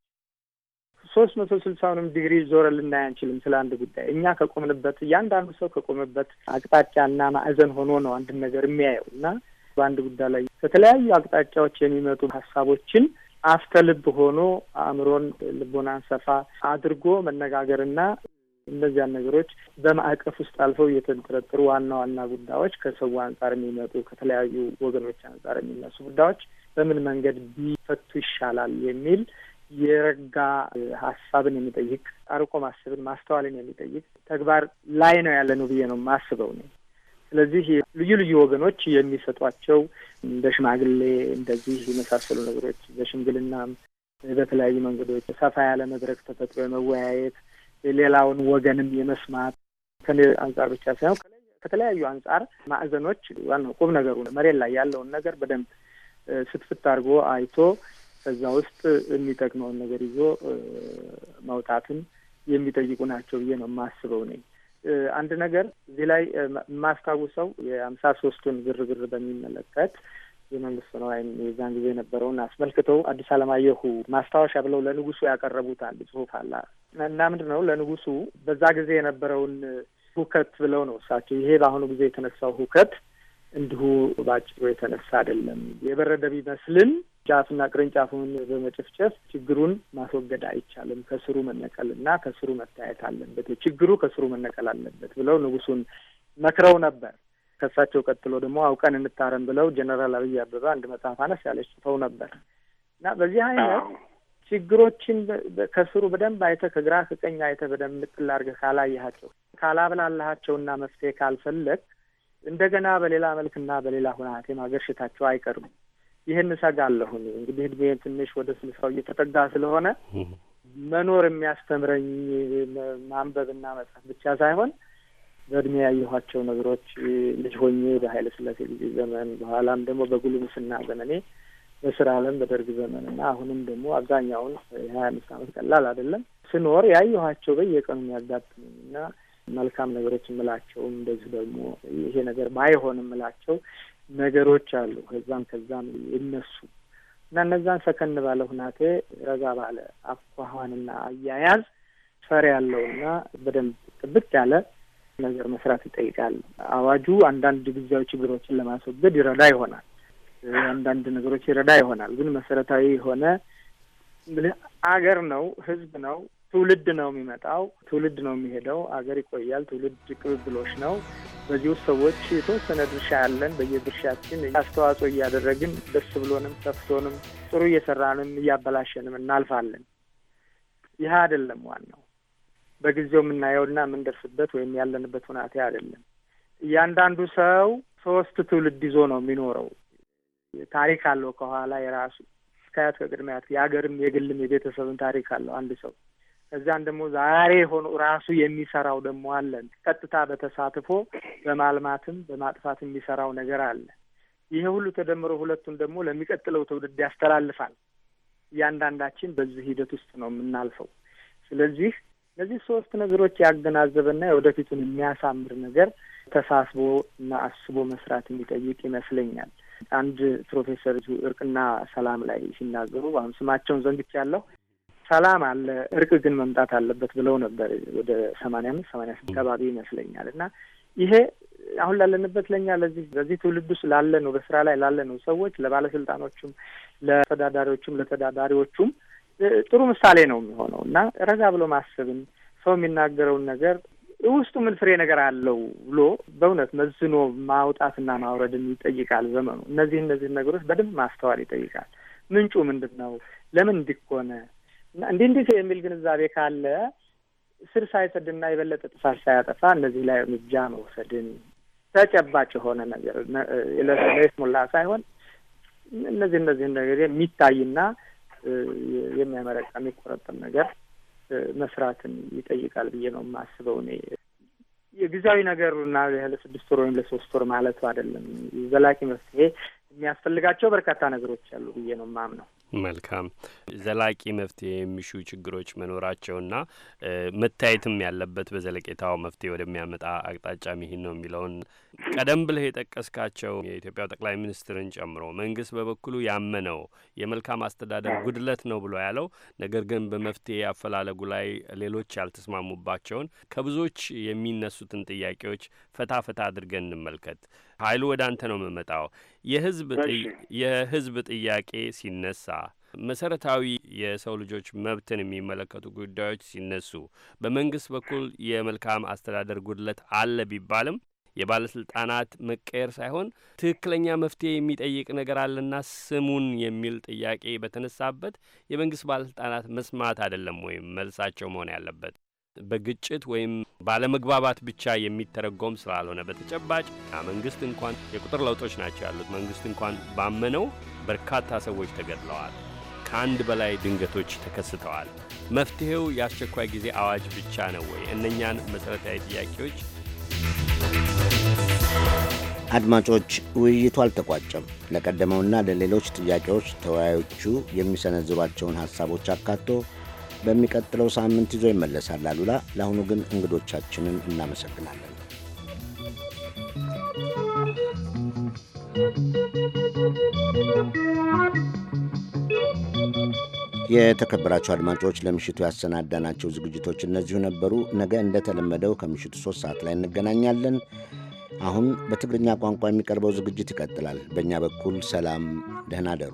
ሶስት መቶ ስልሳውንም ዲግሪ ዞረ ልናይ አንችልም። ስለ አንድ ጉዳይ እኛ ከቆምንበት እያንዳንዱ ሰው ከቆመበት አቅጣጫና ማዕዘን ሆኖ ነው አንድን ነገር የሚያየው እና በአንድ ጉዳይ ላይ ከተለያዩ አቅጣጫዎች የሚመጡ ሀሳቦችን አፍተ ልብ ሆኖ አእምሮን ልቦናን ሰፋ አድርጎ መነጋገርና እነዚያን ነገሮች በማዕቀፍ ውስጥ አልፈው እየተንጠረጠሩ ዋና ዋና ጉዳዮች ከሰው አንጻር የሚመጡ ከተለያዩ ወገኖች አንጻር የሚነሱ ጉዳዮች በምን መንገድ ቢፈቱ ይሻላል የሚል የረጋ ሀሳብን የሚጠይቅ አርቆ ማስብን ማስተዋልን የሚጠይቅ ተግባር ላይ ነው ያለ ነው ብዬ ነው ማስበው ነው። ስለዚህ ልዩ ልዩ ወገኖች የሚሰጧቸው እንደ ሽማግሌ እንደዚህ የመሳሰሉ ነገሮች በሽምግልና በተለያዩ መንገዶች ሰፋ ያለ መድረክ ተፈጥሮ የመወያየት ሌላውን ወገንም የመስማት ከኔ አንጻር ብቻ ሳይሆን ከተለያዩ አንጻር ማዕዘኖች ዋናው ቁም ነገሩ መሬት ላይ ያለውን ነገር በደንብ ስትፍት አድርጎ አይቶ ከዛ ውስጥ የሚጠቅመውን ነገር ይዞ መውጣትን የሚጠይቁ ናቸው ብዬ ነው የማስበው ነኝ። አንድ ነገር እዚህ ላይ የማስታውሰው የአምሳ ሶስቱን ግርግር በሚመለከት የመንግስቱ ወይም የዛን ጊዜ የነበረውን አስመልክተው አዲስ አለማየሁ ማስታወሻ ብለው ለንጉሱ ያቀረቡት አንድ ጽሁፍ አለ እና ምንድን ነው ለንጉሱ በዛ ጊዜ የነበረውን ሁከት ብለው ነው እሳቸው ይሄ በአሁኑ ጊዜ የተነሳው ሁከት እንዲሁ ባጭሩ የተነሳ አይደለም የበረደ ቢመስልን ጫፍና ቅርንጫፉን በመጨፍጨፍ ችግሩን ማስወገድ አይቻልም። ከስሩ መነቀል እና ከስሩ መታየት አለበት፣ ችግሩ ከስሩ መነቀል አለበት ብለው ንጉሱን መክረው ነበር። ከእሳቸው ቀጥሎ ደግሞ አውቀን እንታረም ብለው ጀነራል አብይ አበበ አንድ መጽሐፍ አነስ ያለች ጽፈው ነበር እና በዚህ አይነት ችግሮችን ከስሩ በደንብ አይተ ከግራ ከቀኝ አይተ በደንብ ምጥል አድርገህ ካላየሃቸው ካላብላላሃቸውና መፍትሄ ካልፈለግ እንደገና በሌላ መልክና በሌላ ሁናቴ ማገርሸታቸው አይቀርም። ይህን እሰጋለሁኝ። እንግዲህ እድሜ ትንሽ ወደ ስልሳው እየተጠጋ ስለሆነ መኖር የሚያስተምረኝ ማንበብና መጽሐፍ ብቻ ሳይሆን በእድሜ ያየኋቸው ነገሮች ልጅ ሆኜ በኃይለ ሥላሴ ጊዜ ዘመን በኋላም ደግሞ በጉልምስና ዘመኔ በስራ አለም በደርግ ዘመን እና አሁንም ደግሞ አብዛኛውን የሀያ አምስት ዓመት ቀላል አይደለም ስኖር ያየኋቸው በየቀኑ የሚያጋጥሙኝ እና መልካም ነገሮች እምላቸውም እንደዚህ ደግሞ ይሄ ነገር ባይሆን እምላቸው ነገሮች አሉ። ከዛም ከዛም ይነሱ እና እነዛን ሰከን ባለ ሁናቴ ረጋ ባለ አኳኋንና አያያዝ ፈር ያለውና በደንብ ጥብቅ ያለ ነገር መስራት ይጠይቃል። አዋጁ አንዳንድ ጊዜያዊ ችግሮችን ለማስወገድ ይረዳ ይሆናል፣ አንዳንድ ነገሮች ይረዳ ይሆናል። ግን መሰረታዊ የሆነ አገር ነው፣ ህዝብ ነው፣ ትውልድ ነው የሚመጣው፣ ትውልድ ነው የሚሄደው። አገር ይቆያል። ትውልድ ቅብብሎች ነው። በዚህ ውስጥ ሰዎች የተወሰነ ድርሻ ያለን በየድርሻችን አስተዋጽኦ እያደረግን ደስ ብሎንም ሰፍቶንም ጥሩ እየሰራንም እያበላሸንም እናልፋለን። ይህ አይደለም ዋናው በጊዜው የምናየውና የምንደርስበት ወይም ያለንበት ሁናቴ አይደለም። እያንዳንዱ ሰው ሶስት ትውልድ ይዞ ነው የሚኖረው። ታሪክ አለው ከኋላ የራሱ ከአያት ከቅድመ አያት የሀገርም የግልም የቤተሰብን ታሪክ አለው አንድ ሰው እዚያን ደግሞ ዛሬ ሆኖ ራሱ የሚሰራው ደግሞ አለን። ቀጥታ በተሳትፎ በማልማትም በማጥፋት የሚሰራው ነገር አለ። ይሄ ሁሉ ተደምሮ ሁለቱን ደግሞ ለሚቀጥለው ትውልድ ያስተላልፋል። እያንዳንዳችን በዚህ ሂደት ውስጥ ነው የምናልፈው። ስለዚህ እነዚህ ሶስት ነገሮች ያገናዘበና የወደፊቱን የሚያሳምር ነገር ተሳስቦ እና አስቦ መስራት የሚጠይቅ ይመስለኛል። አንድ ፕሮፌሰር እርቅና ሰላም ላይ ሲናገሩ አሁን ስማቸውን ዘንግቻለሁ። ሰላም አለ፣ እርቅ ግን መምጣት አለበት ብለው ነበር ወደ ሰማንያ አምስት ሰማንያ ስድስት አካባቢ ይመስለኛል። እና ይሄ አሁን ላለንበት ለእኛ ለዚህ በዚህ ትውልድ ውስጥ ላለ ነው በስራ ላይ ላለ ነው ሰዎች ለባለስልጣኖቹም፣ ለተዳዳሪዎቹም፣ ለተዳዳሪዎቹም ጥሩ ምሳሌ ነው የሚሆነው እና ረጋ ብሎ ማሰብን ሰው የሚናገረውን ነገር ውስጡ ምን ፍሬ ነገር አለው ብሎ በእውነት መዝኖ ማውጣትና ማውረድን ይጠይቃል ዘመኑ። እነዚህ እነዚህ ነገሮች በደንብ ማስተዋል ይጠይቃል። ምንጩ ምንድን ነው? ለምን እንዲኮነ እንዲህ እንዲህ የሚል ግንዛቤ ካለ ስር ሳይሰድና የበለጠ ጥፋት ሳያጠፋ እነዚህ ላይ እርምጃ መውሰድን ተጨባጭ የሆነ ነገር ለስሙላ ሳይሆን እነዚህ እነዚህን ነገር የሚታይና የሚያመረቃ የሚቆረጠም ነገር መስራትን ይጠይቃል ብዬ ነው የማስበው። እኔ የጊዜያዊ ነገሩና ለስድስት ወር ወይም ለሶስት ወር ማለቱ አይደለም። ዘላቂ መፍትሄ የሚያስፈልጋቸው በርካታ ነገሮች አሉ ብዬ ነው የማምነው። መልካም ዘላቂ መፍትሄ የሚሹ ችግሮች መኖራቸውና መታየትም ያለበት በዘለቄታው መፍትሄ ወደሚያመጣ አቅጣጫ ሚሄድ ነው የሚለውን ቀደም ብለህ የጠቀስካቸው የኢትዮጵያ ጠቅላይ ሚኒስትርን ጨምሮ መንግስት በበኩሉ ያመነው የመልካም አስተዳደር ጉድለት ነው ብሎ ያለው ነገር ግን በመፍትሄ አፈላለጉ ላይ ሌሎች ያልተስማሙባቸውን ከብዙዎች የሚነሱትን ጥያቄዎች ፈታ ፈታ አድርገን እንመልከት። ኃይሉ ወደ አንተ ነው የምመጣው። የህዝብ ጥያቄ ሲነሳ መሰረታዊ የሰው ልጆች መብትን የሚመለከቱ ጉዳዮች ሲነሱ በመንግስት በኩል የመልካም አስተዳደር ጉድለት አለ ቢባልም የባለስልጣናት መቀየር ሳይሆን ትክክለኛ መፍትሄ የሚጠይቅ ነገር አለና ስሙን የሚል ጥያቄ በተነሳበት የመንግስት ባለስልጣናት መስማት አይደለም ወይም መልሳቸው መሆን ያለበት? በግጭት ወይም ባለመግባባት ብቻ የሚተረጎም ስላልሆነ በተጨባጭ መንግስት እንኳን የቁጥር ለውጦች ናቸው ያሉት መንግስት እንኳን ባመነው በርካታ ሰዎች ተገድለዋል። ከአንድ በላይ ድንገቶች ተከስተዋል። መፍትሄው የአስቸኳይ ጊዜ አዋጅ ብቻ ነው ወይ? እነኛን መሠረታዊ ጥያቄዎች አድማጮች፣ ውይይቱ አልተቋጨም። ለቀደመውና ለሌሎች ጥያቄዎች ተወያዮቹ የሚሰነዝሯቸውን ሐሳቦች አካቶ በሚቀጥለው ሳምንት ይዞ ይመለሳል። አሉላ ለአሁኑ ግን እንግዶቻችንን እናመሰግናለን። የተከበራቸው አድማጮች ለምሽቱ ያሰናዳናቸው ዝግጅቶች እነዚሁ ነበሩ። ነገ እንደተለመደው ከምሽቱ ሶስት ሰዓት ላይ እንገናኛለን። አሁን በትግርኛ ቋንቋ የሚቀርበው ዝግጅት ይቀጥላል። በእኛ በኩል ሰላም፣ ደህና ደሩ።